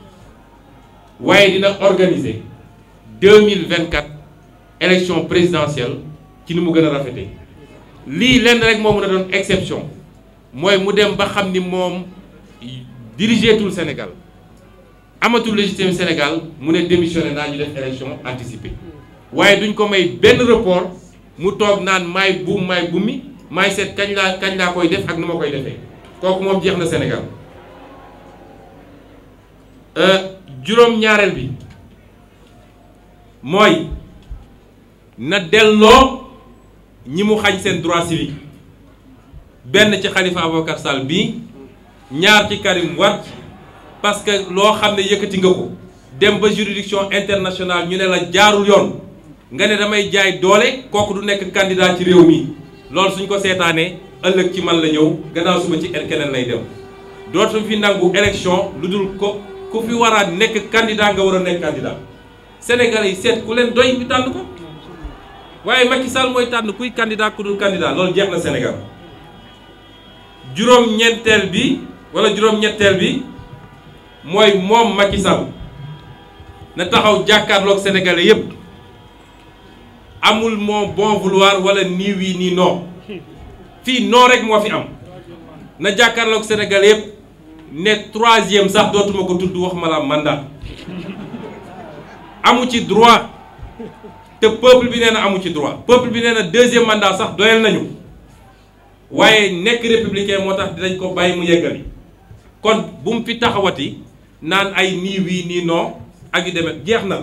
waaye dina organiser 2024 élection présidentielle ci ni mu gën a rafetee lii lenn rek moo mën a doon exception mooy mu dem ba xam ni moom dirigeetul Sénégal amatul légitime Sénégal mu ne démissionné naa ñu def élection anticipée waaye duñ ko may benn report mu toog naan may buum maay bumi maay seet kañ laa kañ laa koy def ak nu ma koy defee kooku moom jeex na Sénégal euh, juróom-ñaareel bi mooy na delloo ñi mu xañ seen droit civique benn ci Khalifa Ababacar Sall bii ñaar ci Karim Wade parce que loo xam ne yëkkati nga ko dem ba juridiction internationale ñu ne la jaarul yoon nga ne damay jaay doole kooku du nekk candidat ci réew mi loolu suñ ko seetaanee ëllëg ci man la ñëw gannaaw suba ci keneen lay dem dootu fi nangu élection lu dul ko ku fi war a nekk candidat nga war a nekk candidat Sénégalais yi seet ku leen doy ñu tànn ko waaye Macky Sall mooy tànn kuy candidat ku dul candidat loolu jeex na Sénégal juróom-ñeenteel bi wala juróom bi. mooy moom Macky Sall na taxaw jàkkaarloog sénégalais yépp amul mon bon vouloir wala nii wii nii non fii non rek moo fi am na jàkkaarlook sénégalais yépp ne troisième sax dootuma ko tudd wax ma la mandat amu ci droit te peuple bi nee na amu ci droit peuple bi nee na deuxième mandat sax doyal nañu waaye nekk républicain moo tax dinañ ko bàyyi mu yeggali kon bu mu fi taxawati naan ay nii wii nii noo ak yu demee jeex na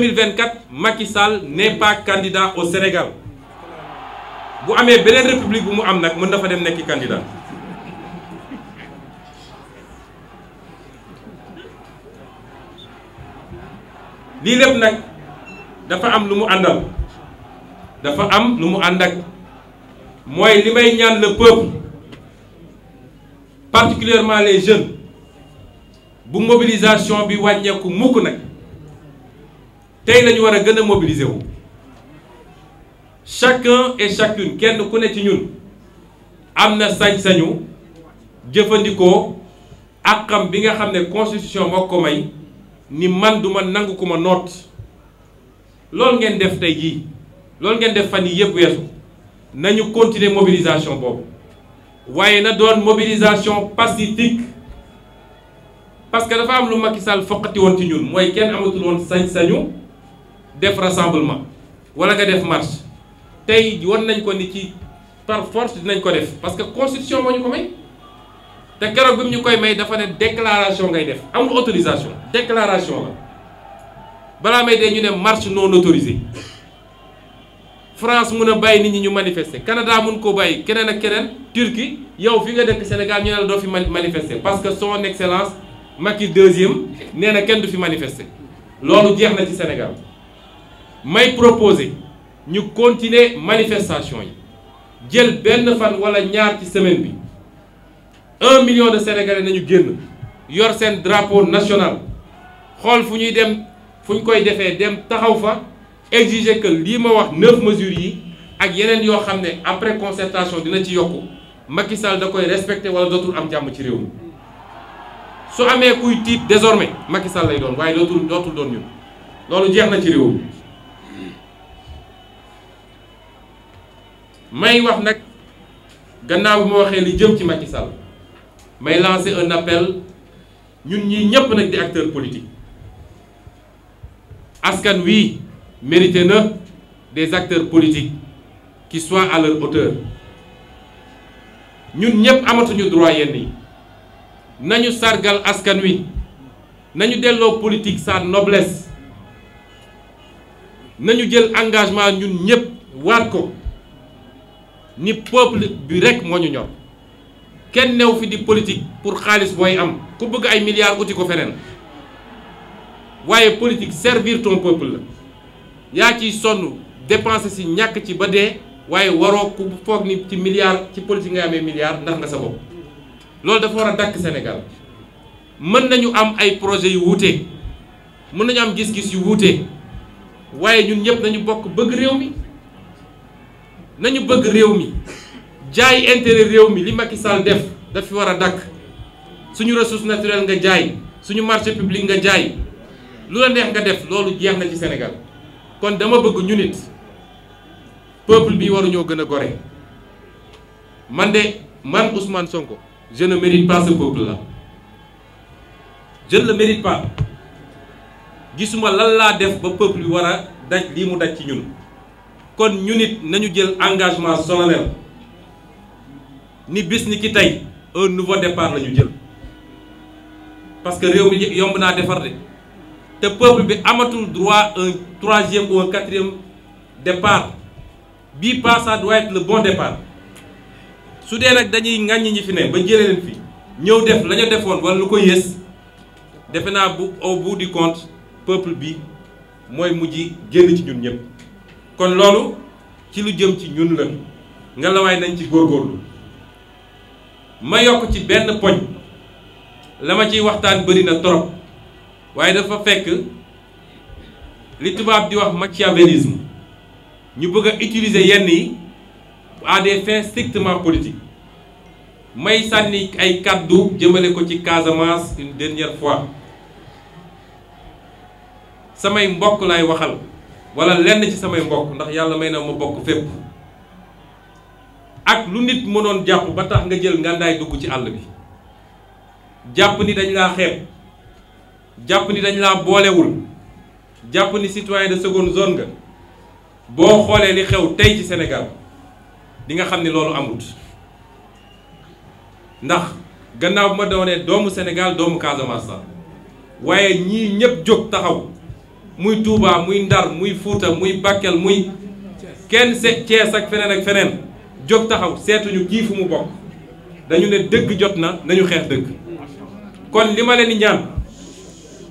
mille 2024 Macky Sall n'est pas candidat au Sénégal bu amee beneen république bu mu am nag mën dafa dem nekki candidat lii lépp nag dafa am lu mu àndal dafa am lu mu ànd ak mooy li may ñaan le peuple particulièrement les jeunes bu mobilisation bi wàññeeku mukk nag tey lañu war a gën a mobiliser wu chacun et chacune kenn ku ne ci ñun am na sañ-sañu jëfandikoo àqam bi nga xam ne constitution moo ko may ni man duma nangu ku ma noot loolu ngeen def tey jii loolu ngeen def fan yi yëpp weesu nañu continuer mobilisation boobu waaye na doon mobilisation pacifique parce que dafa am lu Macky Sall foqati woon ci ñun mooy kenn amatul woon sañ-sañu def rassemblement wala nga def marche tey wan nañ ko ni ci par force dinañ ko def parce que constitution moo ñu ko may te keroog bi mu ñu koy may dafa ne déclaration ngay def am amul autorisation déclaration la balaa may dee ñu ne marche non autorisée France mun a bàyyi nit ñi ñu manifester Canada mun koo bàyyi keneen ak keneen Turquie yow fi nga dëkk Sénégal ñu ne doo fi manifester parce que son excellence. Macky deuxième nee na kenn du fi manifester loolu jeex na ci Sénégal may proposé ñu continuer manifestation yi jël benn fan wala ñaar ci semaine bi un million de sénégalais nañu génn yor seen drapeau national xool fu ñuy dem fu ñu koy defee dem taxaw fa exiger que lii ma wax neuf mesures yi ak yeneen yoo xam ne après concertation dina ci yokku Macky Sall da koy respecter walla dootul am jàmm ci réew mi. su amee kuy tiit désormais Macky Sall lay doon waaye dootul dootul doon ñun loolu jeex na ci réew mi may wax nag gannaaw bi ma waxee li jëm ci Macky Sall may lancer un appel ñun ñi ñëpp nag di acteur politique askan wi mérité na des acteurs politiques qui soient à leur ñun ñëpp amatuñu droit yenn yi nañu sargal askan wi nañu delloo politique sa noblesse nañu jël engagement ñun ñëpp war ko ni peuple bi rek moo ñu ñor kenn new fi di politique pour xaalis booy am ku bëgg ay milliards uti ko feneen waaye politique servir ton peuple la yaa ciy sonn dépenser si ñàkk ci ba dee waaye waroo ku foog ni ci milliards ci politique ngay amee milliards ndax nga sa bopp loolu dafa war a dàkk senegal mën nañu am ay projets yu wuute mën nañu am gis-gis yu wuute waaye ñun ñëpp nañu bokk bëgg réew mi nañu bëgg réew mi jaay intérêt réew mi li Macky Sall def dafi war a dàkk suñu ressource naturelle nga jaay suñu marché public nga jaay lu la neex nga def loolu jeex na ci senegal kon dama bëgg ñu nit peuple bi waruñoo gën a gore man de man Ousmane Sonko je ne mérite pas ce peuple-là je mérite pas gisuma lan laa def ba peuple li war a daj lii mu daj ci ñun kon ñu nit nañu jël engagement solennel ni ni ki tey un nouveau départ la ñu jël parce que réew mi yomb naa defar de te peuple bi amatul droit un troisième ou un quatrième départ bii pas ça doit bon départ su dee nag dañuy ŋàññi ñi fi ne ba jëlee leen fi ñëw def la ñu defoon wala lu ko yées defe naa bu au bout du compte peuple bi mooy mujj génn ci ñun ñëpp. kon loolu ci lu jëm ci ñun la ngelawaay nañ ci góorgóorlu ma yokk ci benn poñ la ma ciy waxtaan bëri na trop waaye dafa fekk li tubaab di wax machiavélisme ñu bëgg a utiliser yenn yi. à des fins strictement politiques may sànni ay kàddu jëmale ko ci Casamance une dernière fois samay mbokk lay waxal wala lenn ci samay mbokk ndax yàlla may na ma bokk fépp ak lu nit mënoon jàpp ba tax nga jël ngàndaay dugg ci àll bi jàpp ni dañ laa xeeb jàpp ni dañ laa boolewul jàpp ni citoyen de seconde zone nga boo xoolee li xew tey ci senegal di xam ni loolu amut ndax gannaaw bu ma doonee doomu Sénégal doomu Casamance la waaye ñii ñëpp jóg taxaw muy Touba muy Ndar muy Fuuta muy Bakel muy kenn se Cees ak feneen ak feneen jóg taxaw seetuñu kii fu mu bokk dañu ne dëgg jot na nañu xeex dëgg kon li ma leen ñaan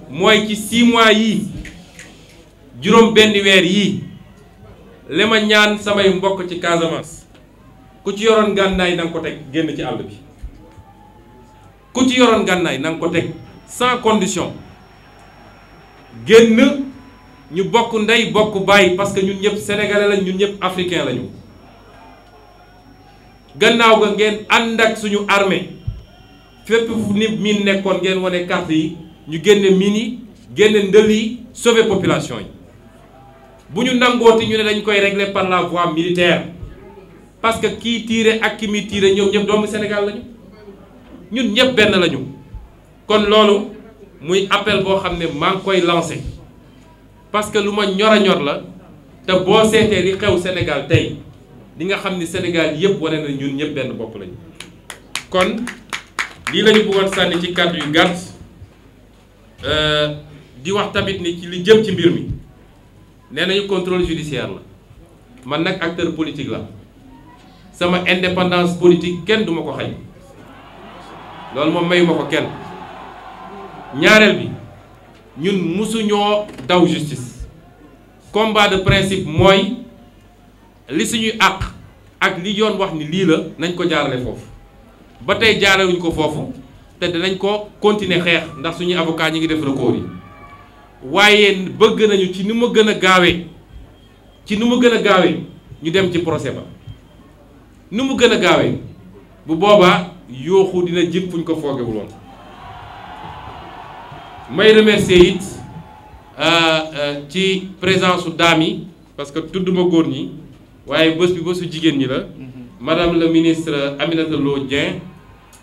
mooy ci 6 mois yii juróom benn weer yi li ma ñaan samay mbokk ci Casamance ku ci yoroon gànnaay na nga ko teg génn ci àll bi ku ci yoroon gànnaay na nga ko teg sans condition génn ñu bokk ndey bokk bàyyi parce que ñun ñëpp sénégalais lañ ñun ñëpp africain lañu gannaaw ga ngeen ànd ak suñu armée fépp fu miin nekkoon ngeen wane carte yi ñu génne miin yi génne ndël yi sauver population yi bu ñu nangooti ñu ne dañ koy régler par la voie militaire parce que kii tiire ak ki muy tiire ñoom ñëpp doomu Sénégal lañu ñun ñëpp benn lañu kon loolu muy appel boo xam ne maa ngi koy lancé parce que lu ma ñor a ñor la te boo seetee li xew Sénégal tey li nga xam ni Sénégal yëpp wane na ñun ñëpp benn bopp lañu kon lii lañu bëggoon sànni ci kàddu yu gàtt euh, di wax tamit ni ci li jëm ci mbir mi nee nañu contrôle judiciaire la man nag acteur politique la sama indépendance politique kenn du ma ko xañ loolu moom mayuma ko kenn ñaareel bi ñun musuñoo daw justice combat de principe mooy li suñuy àq ak li yoon wax ni lii la nañ ko jaarale foofu ba tey jaarewuñ ko foofu te danañ ko continuer xeex ndax suñuy avocat ñi ngi def recours yi waaye bëgg nañu ci ni ma gën a gaawee ci nu ma gën a gaawee ñu dem ci procès ba ni mu gën a gaawee bu boobaa yooxu dina jib fuñ ko foogewul woon may remercier it euh, euh, ci présence su daam yi parce que tudduma góor ñi waaye bés bi bésu jigéen ñi la mm-hmm. madame la ministre Aminata Lo Dieng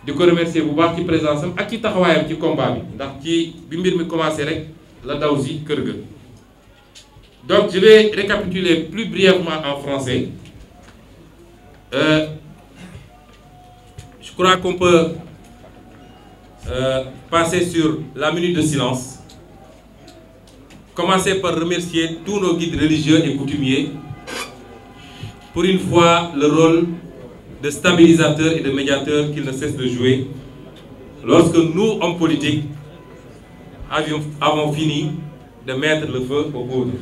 di ko remercier bu baax ci présence am ak ci taxawaayam ci combat bi ndax ci bi mbir mi commencé rek la daw si kër ga donc je vais récapituler plus brièvement en français Euh, je crois qu'on peut euh, passer sur la minute de silence. Commencer par remercier tous nos guides religieux et coutumiers. Pour une fois, le rôle de stabilisateur et de médiateur qu'ils ne cessent de jouer. Lorsque nous, hommes politiques, avons fini de mettre le feu au poudre.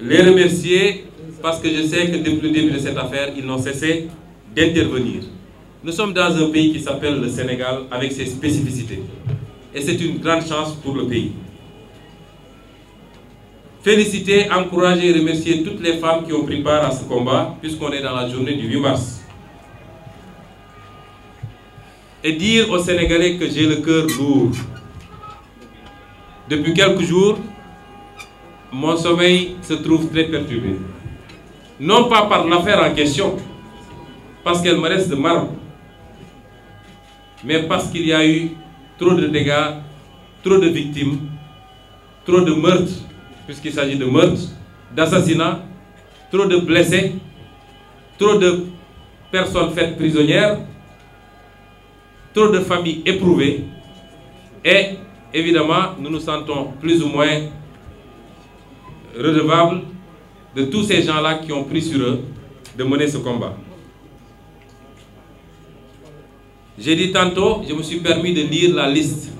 Les remercier parce que je sais que depuis le début de cette affaire, ils n'ont cessé d'intervenir. Nous sommes dans un pays qui s'appelle le Sénégal avec ses spécificités. Et c'est une grande chance pour le pays. Féliciter, encourager et remercier toutes les femmes qui ont pris part à ce combat, puisqu'on est dans la journée du mars. Et dire aux Sénégalais que j'ai le cœur lourd. Depuis quelques jours, mon sommeil se trouve très perturbé. non pas par l'affaire en question, parce qu'elle me reste de marbre, mais parce qu'il y a eu trop de dégâts, trop de victimes, trop de meurtres, puisqu'il s'agit de meurtres, d'assassinats, trop de blessés, trop de personnes faites prisonnières, trop de familles éprouvées, et évidemment, nous nous sentons plus ou moins redevables de tous ces gens-là qui ont pris sur eux de mener ce combat. J'ai dit tantôt, je me suis permis de lire la liste.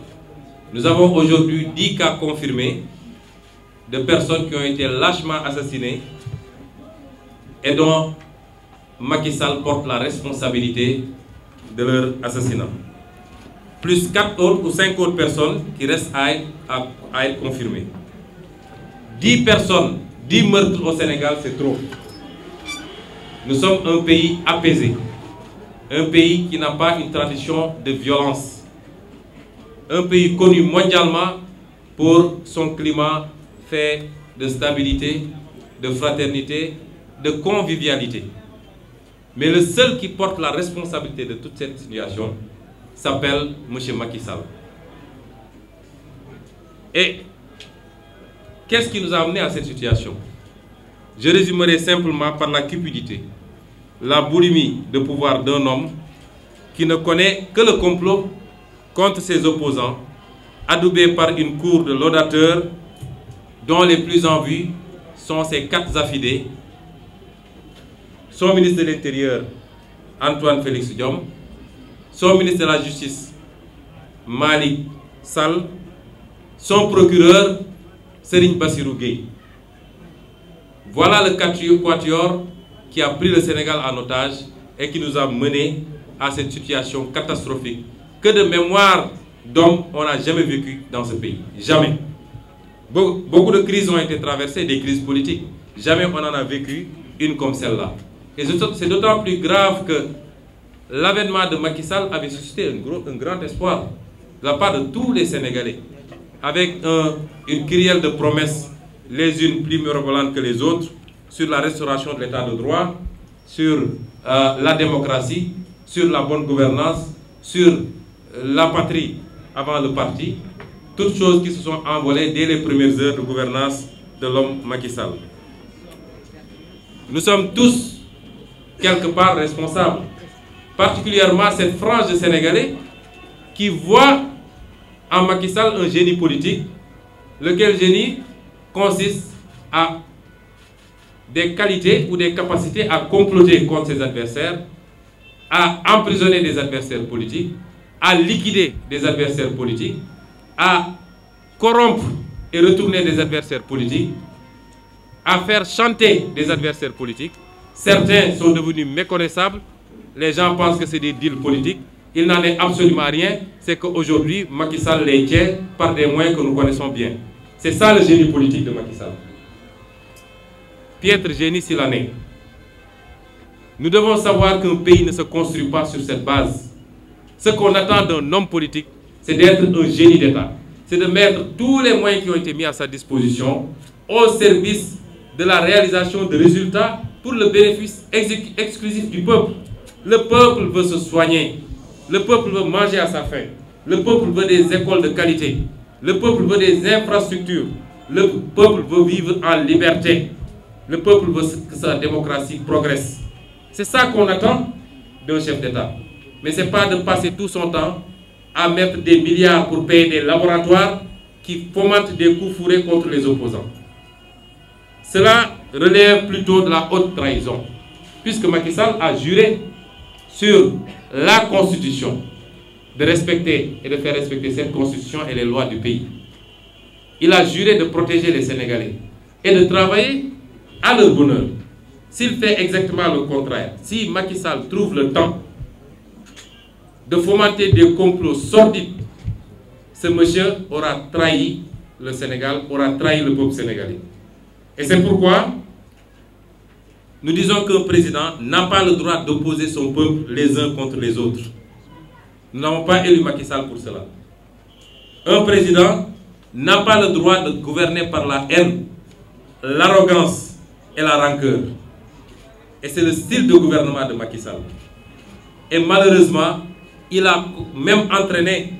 Nous avons aujourd'hui 10 cas confirmés de personnes qui ont été lâchement assassinées et dont Macky porte la responsabilité de leur assassinat. Plus 4 autres ou 5 autres personnes qui restent à être, à, à personnes 10 meurtres au Sénégal, c'est trop. Nous sommes un pays apaisé, un pays qui n'a pas une tradition de violence, un pays connu mondialement pour son climat fait de stabilité, de fraternité, de convivialité. Mais le seul qui porte la responsabilité de toute cette situation s'appelle monsieur Macky Sall. Qu'est-ce qui nous a amené à cette situation Je résumerai simplement par la cupidité, la boulimie de pouvoir d'un homme qui ne connaît que le complot contre ses opposants, adoubé par une cour de laudateurs dont les plus en vue sont ses quatre affidés, son ministre de l'Intérieur, Antoine Félix Diom, son ministre de la Justice, Malik Sall, son procureur, Serigne Bassirou Gueye voilà le quatuor qui a pris le Sénégal en otage et qui nous a menés à cette situation catastrophique que de mémoire d'hommes on n'a jamais vécu dans ce pays jamais beaucoup de crises ont été traversées des crises politiques jamais on en a vécu une comme celle-là c'est d'autant plus grave que l'avènement de Macky avait suscité un grand espoir de la part de tous les Sénégalais avec un, une kyrielle de promesses, les unes plus mirobolantes que les autres, sur la restauration de l'état de droit, sur euh, la démocratie, sur la bonne gouvernance, sur euh, la patrie avant le parti, toutes choses qui se sont envolées dès les premières heures de gouvernance de l'homme Macky Sall. Nous sommes tous quelque part responsables, particulièrement cette frange de Sénégalais qui voit en Macky Sall un génie politique, lequel génie consiste à des qualités ou des capacités à comploter contre ses adversaires, à emprisonner des adversaires politiques, à liquider des adversaires politiques, à corrompre et retourner des adversaires politiques, à faire chanter des adversaires politiques. Certains sont devenus méconnaissables. Les gens pensent que c'est des deals politiques. il n'en est absolument rien, c'est qu'aujourd'hui, Macky Sall les tient par des moyens que nous connaissons bien. C'est ça le génie politique de Macky Sall. Piètre génie s'il en est. Nous devons savoir qu'un pays ne se construit pas sur cette base. Ce qu'on attend d'un homme politique, c'est d'être un génie d'État. C'est de mettre tous les moyens qui ont été mis à sa disposition au service de la réalisation de résultats pour le bénéfice exclusif du peuple. Le peuple veut manger à sa faim. Le peuple veut des écoles de qualité. Le peuple veut des infrastructures. Le peuple veut vivre en liberté. Le peuple veut que sa démocratie progresse. C'est ça qu'on attend d'un chef d'État. Mais ce pas de passer tout son temps à mettre des milliards pour payer des laboratoires qui fomentent des coups fourrés contre les opposants. Cela relève plutôt de la haute trahison, puisque Macky a juré sur la Constitution, de respecter et de faire respecter cette Constitution et les lois du pays. Il a juré de protéger les Sénégalais et de travailler à leur bonheur. S'il fait exactement le contraire, si Macky Sall trouve le temps de fomenter des complots sordides, ce monsieur aura trahi le Sénégal, aura trahi le peuple sénégalais. Et c'est pourquoi nous disons qu'un président n'a pas le droit d'opposer son peuple les uns contre les autres. Nous n'avons pas élu Macky pour cela. Un président n'a pas le droit de gouverner par la haine, l'arrogance et la rancœur. Et c'est le style de gouvernement de Macky Sall. Et malheureusement, il a même entraîné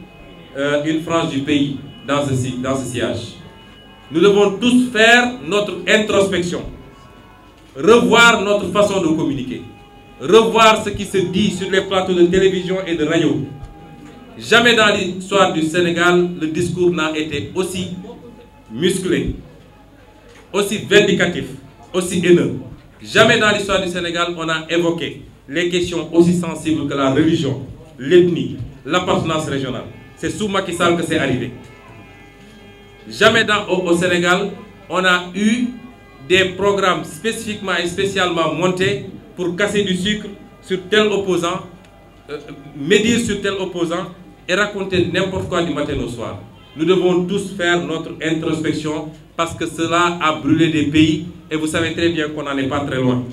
euh, une frange du pays dans ce, dans ce sillage. Nous devons tous faire notre introspection. revoir notre façon de communiquer, revoir ce qui se dit sur les plateaux de télévision et de radio. Jamais dans l'histoire du Sénégal, le discours n'a été aussi musclé, aussi vindicatif, aussi haineux. Jamais dans l'histoire du Sénégal, on a évoqué les questions aussi sensibles que la religion, l'ethnie, l'appartenance régionale. C'est sous Macky Sall que c'est arrivé. Jamais dans, au Sénégal, on a eu des programmes spécifiquement et spécialement montés pour casser du sucre sur tel opposant, euh, médire sur tel opposant et raconter n'importe quoi du matin au soir. Nous devons tous faire notre introspection parce que cela a brûlé des pays et vous savez très bien qu'on n'en est pas très loin.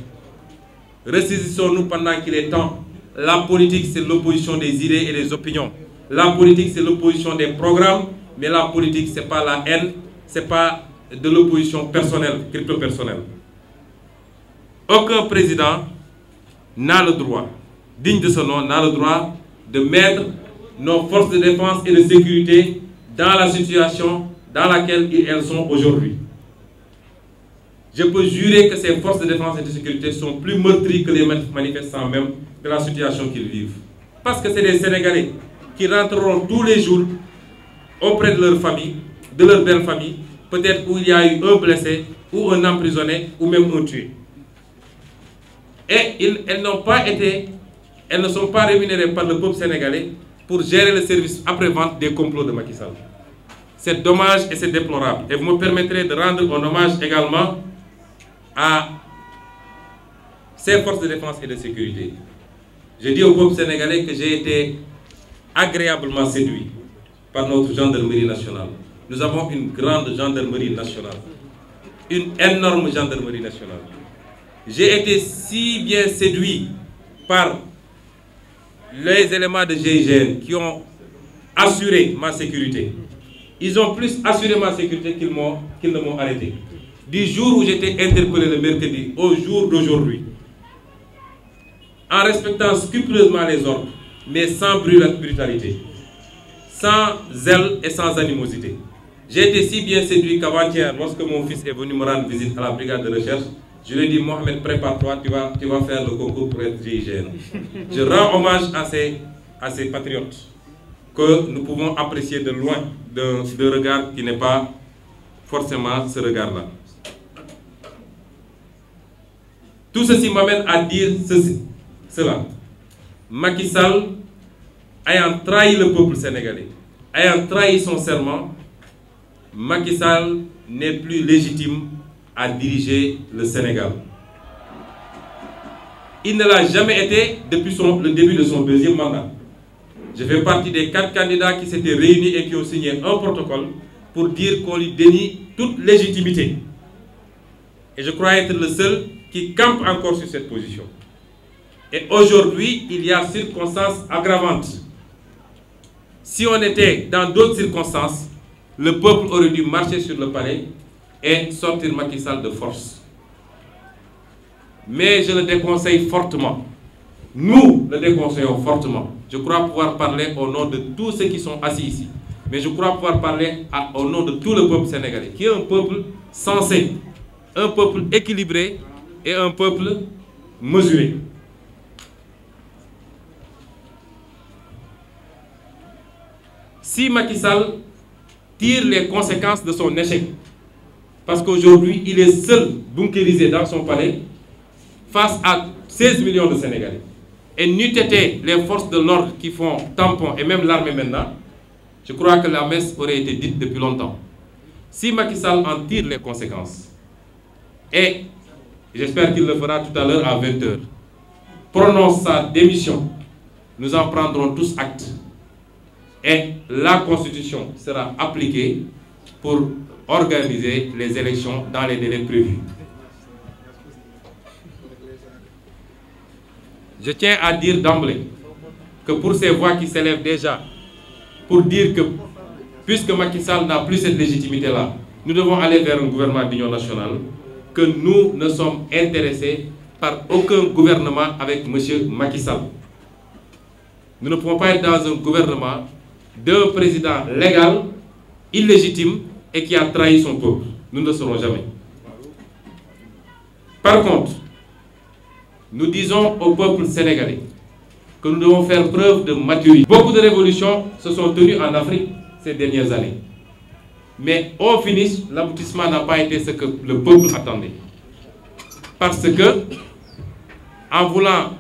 Ressaisissons-nous pendant qu'il est temps. La politique, c'est l'opposition des idées et des opinions. La politique, c'est l'opposition des programmes, mais la politique, de l'opposition personnelle, crypto-personnelle. Aucun président n'a le droit, digne de ce nom, n'a le droit de mettre nos forces de défense et de sécurité dans la situation dans laquelle elles sont aujourd'hui. Je peux jurer que ces forces de défense et de sécurité sont plus meurtries que les manifestants même de la situation qu'ils vivent. Parce que c'est des Sénégalais qui rentreront tous les jours auprès de leur famille, de leur belle famille, peut-être où il y a eu un blessé ou un emprisonné ou même un tué. Et ils, elles n'ont pas été, elles ne sont pas rémunérées par le peuple sénégalais pour gérer le service après-vente des complots de Macky Sall. C'est dommage et c'est déplorable. Et vous me permettrez de rendre un hommage également à ces forces de défense et de sécurité. Je dis au peuple sénégalais que j'ai été agréablement séduit par notre gendarmerie nationale. nous avons une grande gendarmerie nationale, une énorme gendarmerie nationale. J'ai été si bien séduit par les éléments de GIGN qui ont assuré ma sécurité. Ils ont plus assuré ma sécurité qu'ils qu'ils ne m'ont arrêté. Du jour où j'étais interpellé le mercredi au jour d'aujourd'hui, en respectant scrupuleusement les ordres, mais sans brutalité, sans zèle et sans animosité. J'ai été si bien séduit qu'avant-hier, lorsque mon fils est venu me visite à la brigade de recherche, je lui ai dit, Mohamed, prépare tu vas, faire le concours pour être Je rends hommage à ces, patriotes que nous pouvons apprécier de loin, d'un regard qui n'est pas forcément ce regard-là. Tout ceci m'amène à dire cela. Macky ayant trahi le peuple sénégalais, ayant trahi son serment, Macky Sall n'est plus légitime à diriger le Sénégal. Il ne l'a jamais été depuis son, le début de son deuxième mandat. Je fais partie des quatre candidats qui s'étaient réunis et qui ont signé un protocole pour dire qu'on lui dénie toute légitimité. Et je crois être le seul qui campe encore sur cette position. Et aujourd'hui, il y a circonstances aggravantes. Si on était dans d'autres circonstances, le peuple aurait dû marcher sur le palais et sortir Macky de force. Mais je le déconseille fortement. Nous le déconseillons fortement. Je crois pouvoir parler au nom de tous ceux qui sont assis Mais je crois pouvoir parler à, au nom de tout le peuple sénégalais, qui est un peuple sensé, un peuple équilibré et un peuple mesuré. Si Macky tire les conséquences de son échec. Parce qu'aujourd'hui, il est seul bunkérisé dans son palais face à 16 millions de Sénégalais. Et n'eût les forces de l'ordre qui font tampon et même l'armée maintenant, je crois que la messe aurait été dite depuis longtemps. Si Macky en tire les conséquences, et j'espère qu'il le fera tout à l'heure à 20 prononce sa démission, nous en prendrons tous acte et la Constitution sera appliquée pour organiser les élections dans les délais prévus. Je tiens à dire d'emblée que pour ces voix qui s'élèvent déjà, pour dire que puisque Macky Sall n'a plus cette légitimité-là, nous devons aller vers un gouvernement d'union nationale, que nous ne sommes intéressés par aucun gouvernement avec M. Macky Nous ne pouvons pas être dans un gouvernement d'un président légal, illégitime et qui a trahi son peuple. Nous ne le serons jamais. Par contre, nous disons au peuple sénégalais que nous devons faire preuve de maturité. Beaucoup de révolutions se sont tenues en Afrique ces dernières années. Mais au finish, l'aboutissement n'a pas été ce que le peuple attendait. Parce que, en voulant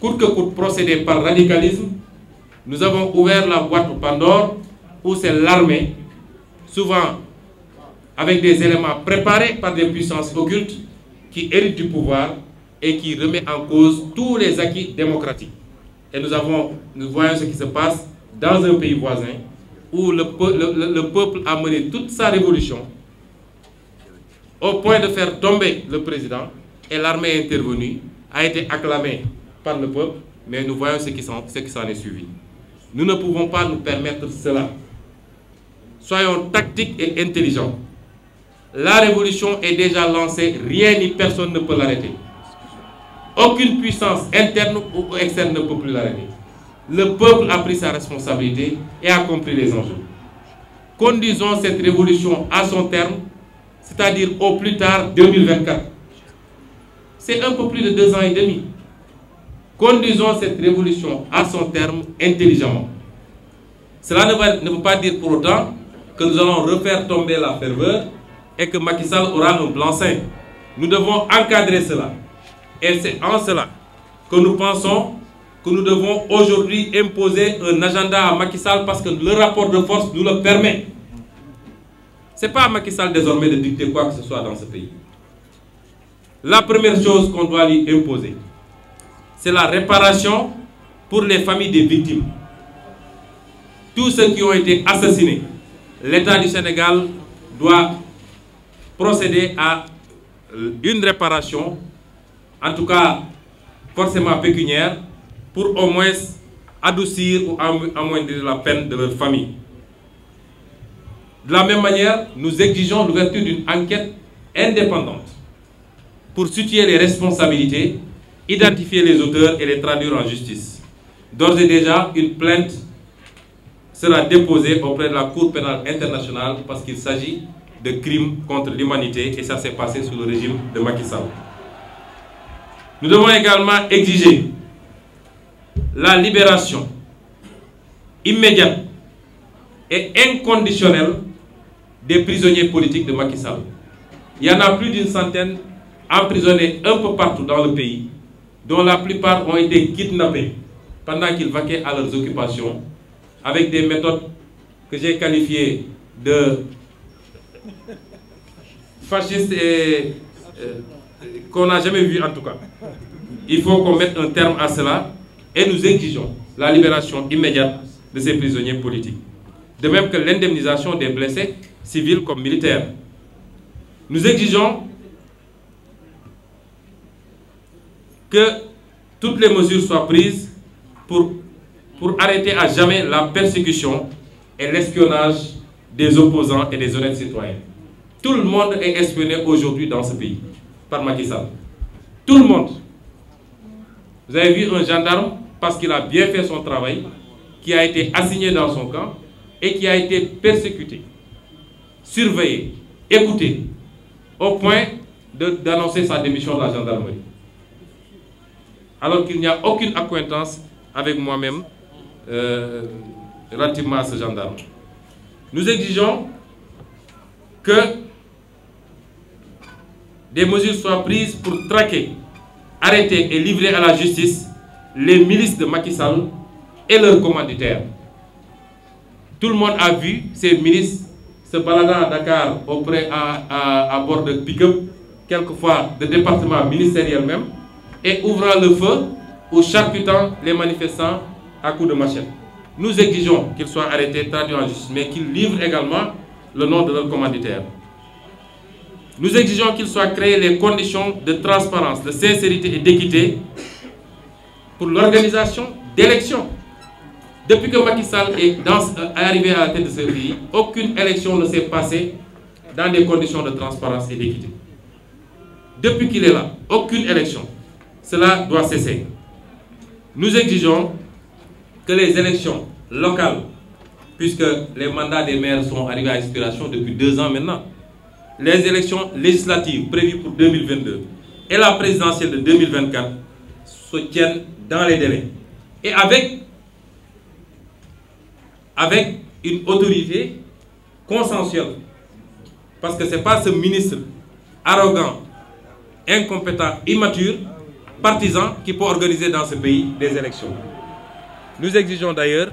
court que court procéder par radicalisme, Nous avons ouvert la boîte au Pandore où c'est l'armée, souvent avec des éléments préparés par des puissances occultes, qui hérite du pouvoir et qui remet en cause tous les acquis démocratiques. Et nous, avons, nous voyons ce qui se passe dans un pays voisin où le, le, le peuple a mené toute sa révolution au point de faire tomber le président et l'armée est intervenue, a été acclamée par le peuple, mais nous voyons ce qui s'en est suivi. Nous ne pouvons pas nous permettre cela. Soyons tactiques et intelligents. La révolution est déjà lancée, rien ni personne ne peut l'arrêter. Aucune puissance interne ou externe ne peut plus l'arrêter. Le peuple a pris sa responsabilité et a compris les enjeux. Conduisons cette révolution à son terme, c'est-à-dire au plus tard 2024. C'est un peu plus de deux ans et demi. Conduisons cette révolution à son terme intelligemment. Cela ne, va, pas dire pour autant que nous allons refaire tomber la ferveur et que Macky aura un blanc-seing. Nous devons encadrer cela. Et c'est en cela que nous pensons que nous devons aujourd'hui imposer un agenda à Macky parce que le rapport de force nous le permet. Ce pas à Macky désormais de dicter quoi que ce soit dans ce pays. La première chose qu'on doit lui imposer, c'est la réparation pour les familles des victimes. Tous ceux qui ont été assassinés, l'État du Sénégal doit procéder à euh, une réparation, en tout cas forcément pécuniaire, pour au moins adoucir ou amoindrir la peine de leur famille. De la même manière, nous exigeons l'ouverture d'une enquête indépendante pour situer les responsabilités identifier les auteurs et les traduire en justice. D'ores et déjà, une plainte sera déposée auprès de la Cour pénale internationale parce qu'il s'agit de crimes contre l'humanité et ça s'est passé sous le régime de Macky Sall. Nous devons également exiger la libération immédiate et inconditionnelle des prisonniers politiques de Macky Sall. Il y en a plus d'une centaine emprisonnés un peu partout dans le pays dont la plupart ont été kidnappés pendant qu'ils vaquaient à leurs occupations, avec des méthodes que j'ai qualifiées de fascistes et euh, qu'on n'a jamais vues en tout cas. Il faut qu'on mette un terme à cela et nous exigeons la libération immédiate de ces prisonniers politiques. De même que l'indemnisation des blessés, civils comme militaires. Nous exigeons que toutes les mesures soient prises pour, pour arrêter à jamais la persécution et l'espionnage des opposants et des honnêtes citoyens. Tout le monde est espionné aujourd'hui dans ce pays par Macky Sall. Tout le monde. Vous avez vu un gendarme, parce qu'il a bien fait son travail, qui a été assigné dans son camp et qui a été persécuté, surveillé, écouté, au point d'annoncer sa démission de la gendarmerie. alors qu'il n'y a aucune accointance avec moi-même euh, relativement à ce gendarme. Nous exigeons que des mesures soient prises pour traquer, arrêter et livrer à la justice les milices de Macky Sall et leurs commanditaires. Tout le monde a vu ces milices se baladant à Dakar auprès à, à, à bord de pick-up, quelquefois de départements ministériels même, et ouvrant le feu ou charcutant les manifestants à coups de machette. Nous exigeons qu'ils soient arrêtés, traduits en justice, mais qu'ils livrent également le nom de leur commanditaire. Nous exigeons qu'il soit créé les conditions de transparence, de sincérité et d'équité pour l'organisation d'élections. Depuis que Macky Sall est dans, euh, arrivé à la tête de ce pays, aucune élection ne s'est passée dans des conditions de transparence et d'équité. Depuis qu'il Cela doit cesser. Nous exigeons que les élections locales, puisque les mandats des maires sont arrivés à expiration depuis deux ans maintenant, les élections législatives prévues pour 2022 et la présidentielle de 2024 se tiennent dans les délais et avec, avec une autorité consensuelle. Parce que ce n'est pas ce ministre arrogant, incompétent, immature partisan qui peut organiser dans ce pays des élections. Nous exigeons d'ailleurs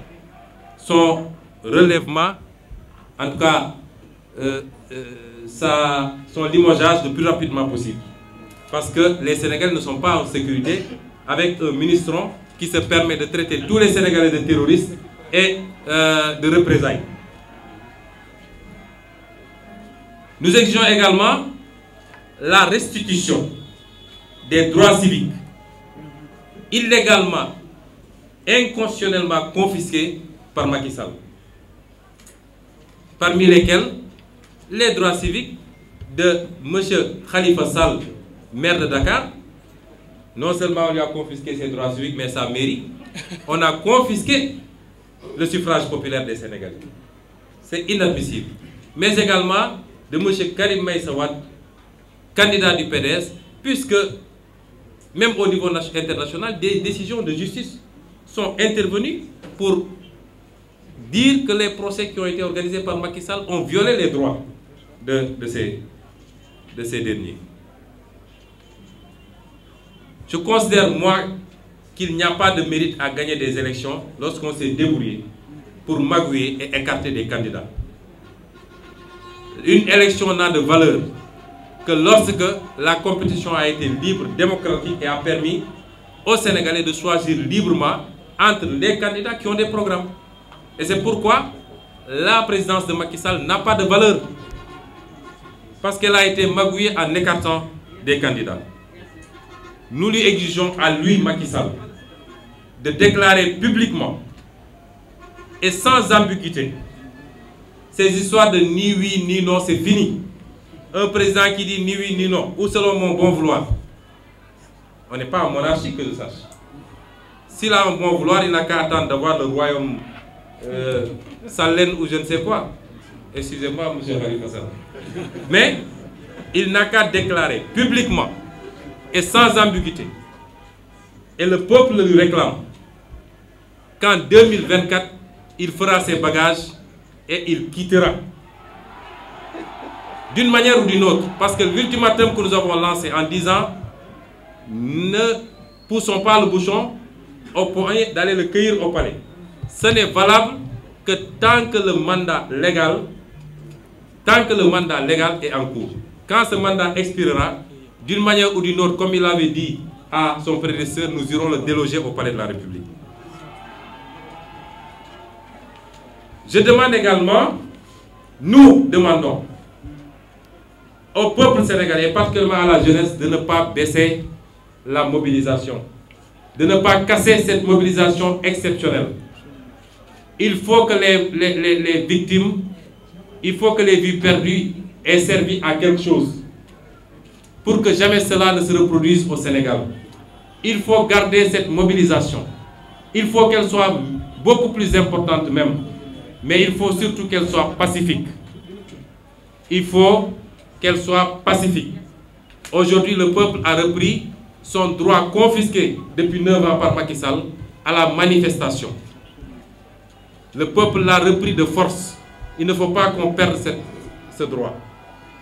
son relèvement, en tout cas euh, euh, sa, son limogeage le plus rapidement possible. Parce que les Sénégalais ne sont pas en sécurité avec un ministron qui se permet de traiter tous les Sénégalais de terroristes et euh, de représailles. Nous exigeons également la restitution des droits illégalement, inconstitutionnellement confisqués par Macky Sall. Parmi lesquels, les droits civiques de M. Khalifa Sall, maire de Dakar. Non seulement on lui a confisqué ses droits civiques, mais sa mairie. On a confisqué le suffrage populaire des Sénégalais. C'est inadmissible. Mais également de M. Karim Maïsawad, candidat du PDS, puisque même au niveau international, des décisions de justice sont intervenues pour dire que les procès qui ont été organisés par Macky Sall ont violé les droits de, de, ces, de ces derniers. Je considère, moi, qu'il n'y a pas de mérite à gagner des élections lorsqu'on s'est débrouillé pour magouiller et écarter des candidats. Une élection n'a de valeur que lorsque la compétition a été libre, démocratique et a permis aux Sénégalais de choisir librement entre les candidats qui ont des programmes. Et c'est pourquoi la présidence de Macky n'a pas de valeur. Parce qu'elle a été magouillée en écartant des candidats. Nous lui exigeons à lui, Macky de déclarer publiquement et sans ambiguïté ces histoires de ni oui ni non, c'est fini. un président qui dit ni oui ni non, ou selon mon bon vouloir. On n'est pas en monarchie que je sache. S'il a un bon vouloir, il n'a qu'à attendre d'avoir le royaume euh, ou je ne sais quoi. Excusez-moi, monsieur Hassan. Mais il n'a qu'à déclarer publiquement et sans ambiguïté. Et le peuple lui réclame qu'en il fera ses bagages et il quittera d'une manière ou d'une autre, parce que l'ultimatum que nous avons lancé en disant ne poussons pas le bouchon au point le cueillir au palais. Ce n'est valable que tant que le mandat légal, tant que le mandat légal est en cours. Quand ce mandat expirera, d'une manière ou d'une autre, comme il avait dit à son prédécesseur, nous irons le déloger au palais de la République. Je demande également, nous demandons au peuple sénégalais, particulièrement à la jeunesse, de ne pas baisser la mobilisation, de ne pas casser cette mobilisation exceptionnelle. Il faut que les, les, les, les victimes, il faut que les vies perdues aient servi à quelque chose pour que jamais cela ne se reproduise au Sénégal. Il faut garder cette mobilisation. Il faut qu'elle soit beaucoup plus importante même, mais il faut surtout qu'elle soit pacifique. Il faut qu'elle soit pacifique. Aujourd'hui, le peuple a repris son droit confisqué depuis 9 ans par Macky Sall à la manifestation. Le peuple l'a repris de force. Il ne faut pas qu'on perde cette, droit.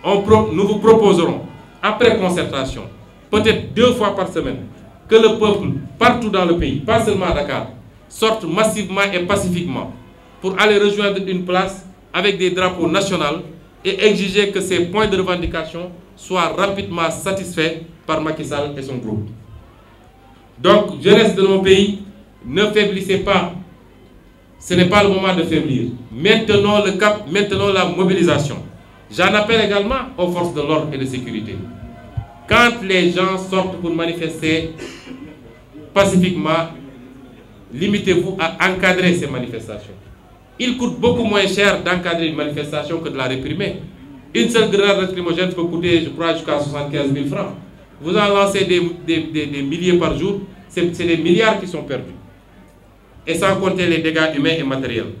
On pro, nous vous proposerons, après concertation, peut-être deux fois par semaine, que le peuple, partout dans le pays, pas seulement à Dakar, sorte massivement et pacifiquement pour aller rejoindre une place avec des drapeaux nationaux et exiger que ces points de revendication soient rapidement satisfaits par Macky Sall et son groupe. Donc, jeunesse de nos pays, ne faiblissez pas. Ce n'est pas le moment de faiblir. maintenant la mobilisation. J'en appelle également aux forces de l'ordre et de sécurité. Quand les gens sortent pour manifester pacifiquement, limitez-vous à encadrer ces manifestations. il coûte beaucoup moins cher d'encadrer une manifestation que de la réprimer. Une seule grenade lacrymogène peut coûter, je crois, jusqu'à francs. Vous en lancez des, milliers par jour, c'est des milliards qui sont perdus. Et sans compter les dégâts humains et matériels.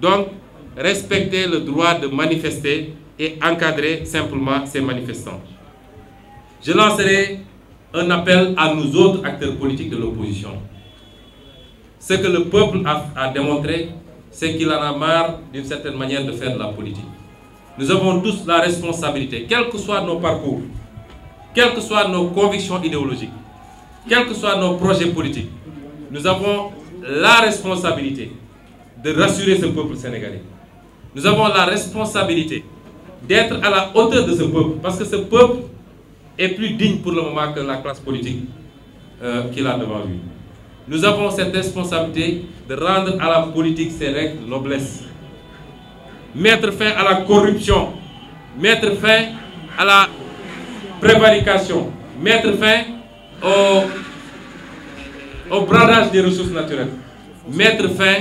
Donc, respecter le droit de manifester et encadrer simplement ces manifestants. Je lancerai un appel à nous autres acteurs politiques de l'opposition. Ce que le peuple a, a démontré c'est qu'il en a marre d'une certaine manière de faire de la politique. Nous avons tous la responsabilité, quel que soient nos parcours, quelles que soient nos convictions idéologiques, quels que soient nos projets politiques, nous avons la responsabilité de rassurer ce peuple sénégalais. Nous avons la responsabilité d'être à la hauteur de ce peuple, parce que ce peuple est plus digne pour le moment que la classe politique euh, qu'il devant lui. Nous avons cette responsabilité de rendre à la politique ses règles de noblesse. Mettre fin à la corruption, mettre fin à la prévarication, mettre fin au, au bradage des ressources naturelles, mettre fin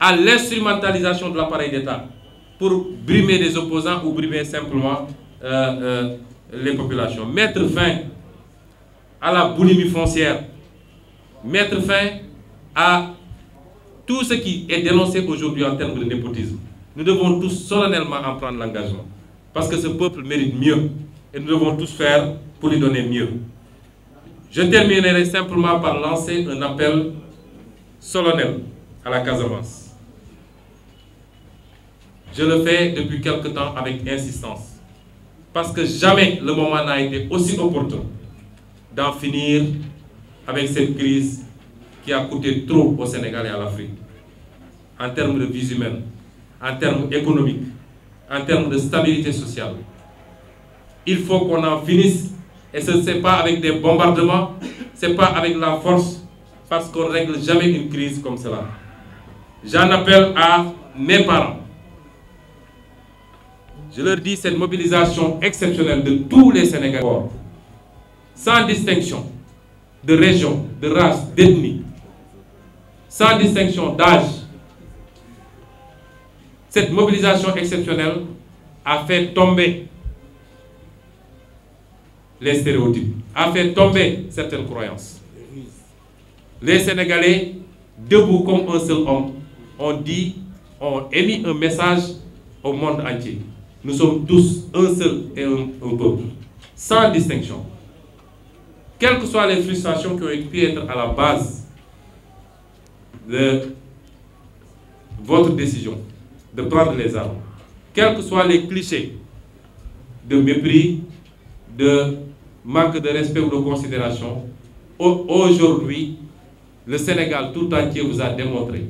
à l'instrumentalisation de l'appareil d'État pour brimer les opposants ou brimer simplement euh, euh, les populations. Mettre fin à la boulimie foncière, mettre fin à tout ce qui est dénoncé aujourd'hui en termes de népotisme. Nous devons tous solennellement en l'engagement. Parce que ce peuple mérite mieux. Et nous devons tous faire pour lui donner mieux. Je terminerai simplement par lancer un appel solennel à la Casamance. Je le fais depuis quelque temps avec insistance. Parce que jamais le moment n'a été aussi opportun d'en finir avec cette crise qui a coûté trop au Sénégal et à l'Afrique, en termes de vies humaines, en termes économiques, en termes de stabilité sociale. Il faut qu'on en finisse, et ce n'est pas avec des bombardements, ce n'est pas avec la force, parce qu'on ne règle jamais une crise comme cela. J'en appelle à mes parents. Je leur dis cette mobilisation exceptionnelle de tous les Sénégalais, sans distinction, de région, de race, d'ethnie, sans distinction d'âge. Cette mobilisation exceptionnelle a fait tomber les stéréotypes, a fait tomber certaines croyances. Les Sénégalais, debout comme un seul homme, ont dit, ont émis un message au monde entier. Nous sommes tous un seul et un, peuple, sans distinction. quelles que soient les frustrations qui ont pu être à la base de votre décision de prendre les armes, quels que soient les clichés de mépris, de manque de respect ou de considération, aujourd'hui, le Sénégal tout entier vous a démontré,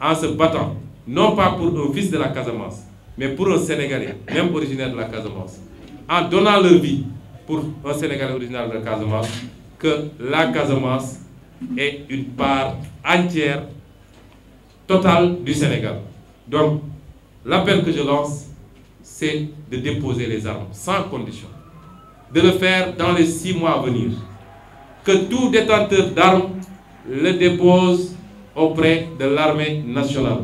en se battant, non pas pour un fils de la Casamance, mais pour un Sénégalais, même originaire de la Casamance, en donnant leur vie pour un Sénégalais original de Casamance que la Casamance est une part entière, totale du Sénégal. Donc, l'appel que je lance, c'est de déposer les armes, sans condition. De le faire dans les six mois à venir. Que tout détenteur d'armes le dépose auprès de l'armée nationale.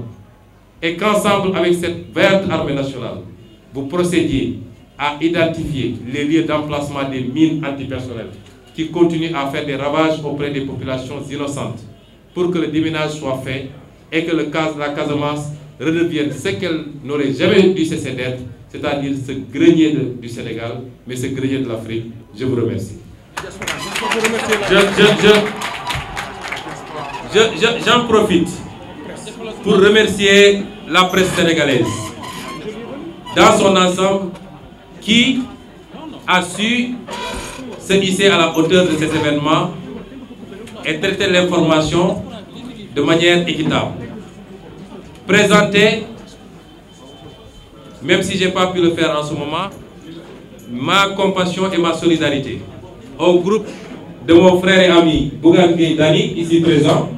Et qu'ensemble, avec cette verte armée nationale, vous procédiez à identifier les lieux d'emplacement des mines antipersonnelles qui continuent à faire des ravages auprès des populations innocentes pour que le déménage soit fait et que le cas, la Casamance redevienne ce qu'elle n'aurait jamais dû cesser d'être, c'est-à-dire ce grenier du Sénégal, mais ce grenier de l'Afrique. Je vous remercie. Je, j'en profite pour remercier la presse sénégalaise dans son ensemble qui a su se hisser à la hauteur de cet événement et traiter l'information de manière équitable. Présenter, même si je pas pu le faire en ce moment, ma compassion et ma solidarité au groupe de mon frère et ami Bougan Dani, ici présent,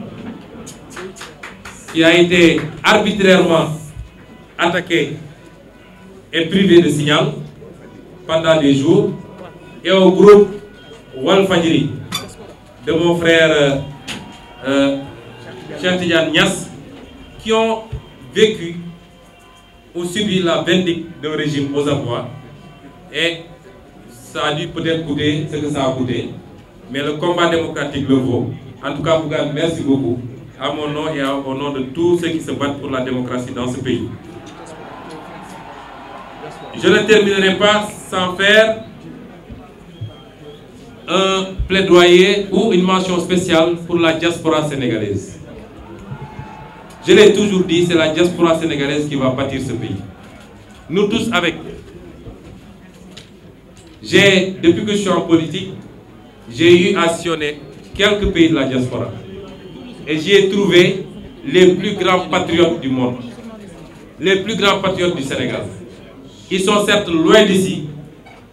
qui a été arbitrairement attaqué et privé de signal pendant des jours et au groupe Walfadjri de mon frère euh, Cheikh Nias qui ont vécu ou subi la vindicte d'un régime aux abois et ça a dû peut-être coûter ce que ça a coûté mais le combat démocratique le vaut en tout cas Bouga merci beaucoup à mon nom et au nom de tous ceux qui se battent pour la démocratie dans ce pays Je ne terminerai pas sans faire un plaidoyer ou une mention spéciale pour la diaspora sénégalaise. Je l'ai toujours dit, c'est la diaspora sénégalaise qui va bâtir ce pays. Nous tous avec. J'ai, depuis que politique, j'ai eu à sillonner quelques pays de la diaspora. Et j'y ai trouvé les plus grands patriotes du monde, les plus grands patriotes du Sénégal. Ils sont certes loin d'ici,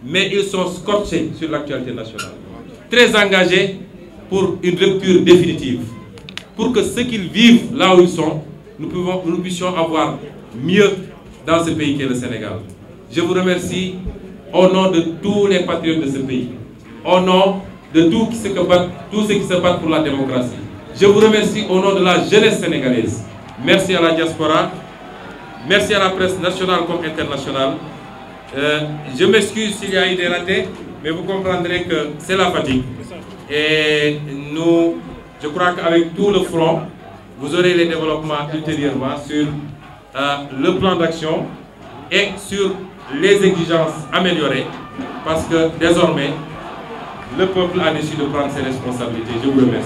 mais ils sont scotchés sur l'actualité nationale. Très engagés pour une rupture définitive. Pour que ce qu'ils vivent là où ils sont, nous, pouvons, nous puissions avoir mieux dans ce pays qu'est le Je vous remercie au nom de tous les patriotes de ce pays, au nom de tous ceux qui se qui se battent pour la démocratie. Je vous remercie au nom de la jeunesse sénégalaise. Merci à la diaspora. Merci à la presse nationale comme internationale. Euh, je m'excuse s'il y a eu la ratés, mais vous comprendrez que c'est la fatigue. Et nous, je crois qu'avec tout le front, vous aurez les développements ultérieurement sur euh, le plan d'action et sur les exigences améliorées, parce que désormais, le peuple a décidé de prendre ses responsabilités. Je vous remercie.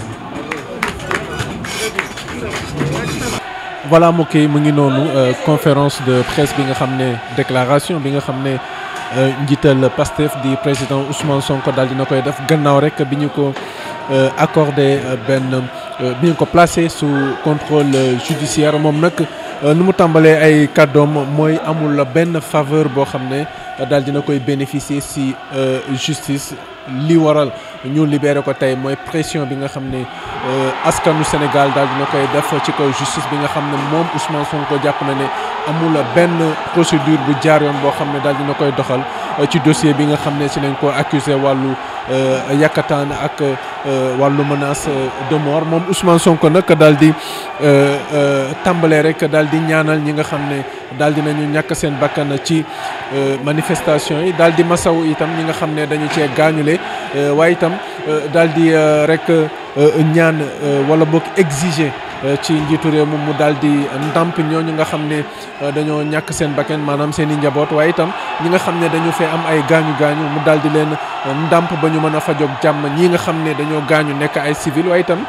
voilà mbokk yi mu ngi noonu euh, conférence de presse bi nga xam ne déclaration bi nga xam ne euh, njiital Pastef di président Ousmane sonk daal dina koy def gannaaw rek bi ñu ko euh, accordé benn bi ñu ko placé su contrôle judiciaire moom nag nu mu tàmbalee ay kàddoom mooy amul benn faveur boo xam ne daal dina koy bénéficier ci justice li waral. ñu libéré ko tey mooy pression bi nga xam ne euh, askanu Sénégal daal dina koy def ci kaw justice bi nga xam ne moom Ousmane ko jàpp na ne amul benn procédure bu jaar yoon boo xam ne daal dina koy doxal euh, ci dossier bi nga xam ne si nañ ko accusé wàllu euh, yàkkataan ak wàllu menace de mort moom Ousmane Sonko nag daal di tàmbalee rek daal di ñaanal ñi nga xam ne daal di nañu ñàkk seen bakkan ci manifestation yi daal di ma masaw itam ñi nga xam ne dañu cee gaañule waaye itam Euh, daal di euh, rek euh, ñaan wala boog exiger ci njiitu réew mi mu daal di ndàmp ñooñu nga xam ne dañoo ñàkk seen bakkan maanaam seen i njaboot waaye itam ñi nga xam ne dañu fee am ay gaañu gaañu mu daal di leen ndàmp ba ñu mën a fajoog jàmm ñii nga xam ne dañoo gaañu nekk ay civil itam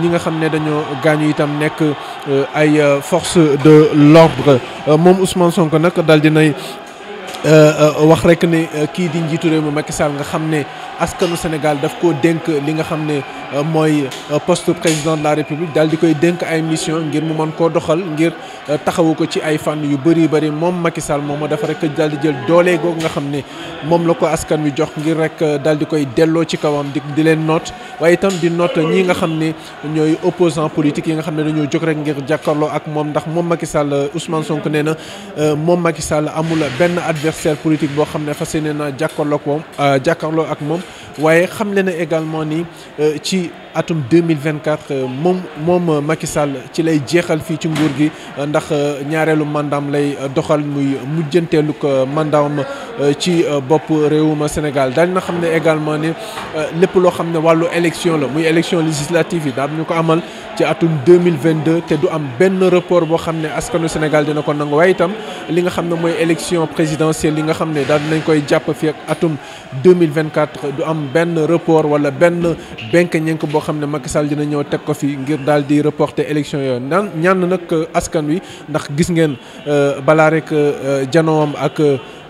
ñi nga xam ne dañoo gaañu itam nekk ay force de l'ordre moom Ousmane Sonko nag daal di nay Euh, euh, wax rek ne euh, kii di njiitu réew mi Macky Sall nga xam ne askanu Sénégal daf koo dénk li nga xam ne mooy poste président de la République daal di koy dénk ay mission ngir mu mën koo doxal ngir taxawu ko ci ay fànn yu bëri bëri moom Macky Sall moom moo dafa rek daal di jël doole googu nga xam ne moom la ko askan wi jox ngir rek daal di koy delloo ci kawam di di leen noot waaye itam di noot ñi nga xam ne ñooy opposant politique yi nga xam ne dañoo jóg rek ngir jàkkaarloo ak moom ndax moom Macky Sall Ousmane Sonko nee na moom Macky Sall amul benn adversaire adversaire politique boo xam ne fas yéene na jàkkaarloo ak moom euh, jàkkaarloo ak moom waaye xam le na également ni euh, ci atum mille 2024 euh, moom moom euh, Macky Sall ci lay jeexal fii ci nguur gi euh, ndax ñaareelu mandaam lay doxal muy mujjanteelu ko mandaam ci bopp réewum Sénégal daal na xam ne également ni lépp loo xam ne wàllu élection la muy élection législative yi daal ñu ko amal ci atum 2022 te du am benn report boo xam ne askanu Sénégal dina ko nangu waaye itam li nga xam ne mooy élection présidentielle li nga xam ne daal nañ koy jàpp fii ak atum 2024 du am benn report wala benn benk ñenk boo xam ne Macky Sall dina ñëw teg ko fi ngir daal di reporté élection yooyu naan ñaan nag euh, askan wi ndax gis ngeen euh, balaa rek euh, janoom ak.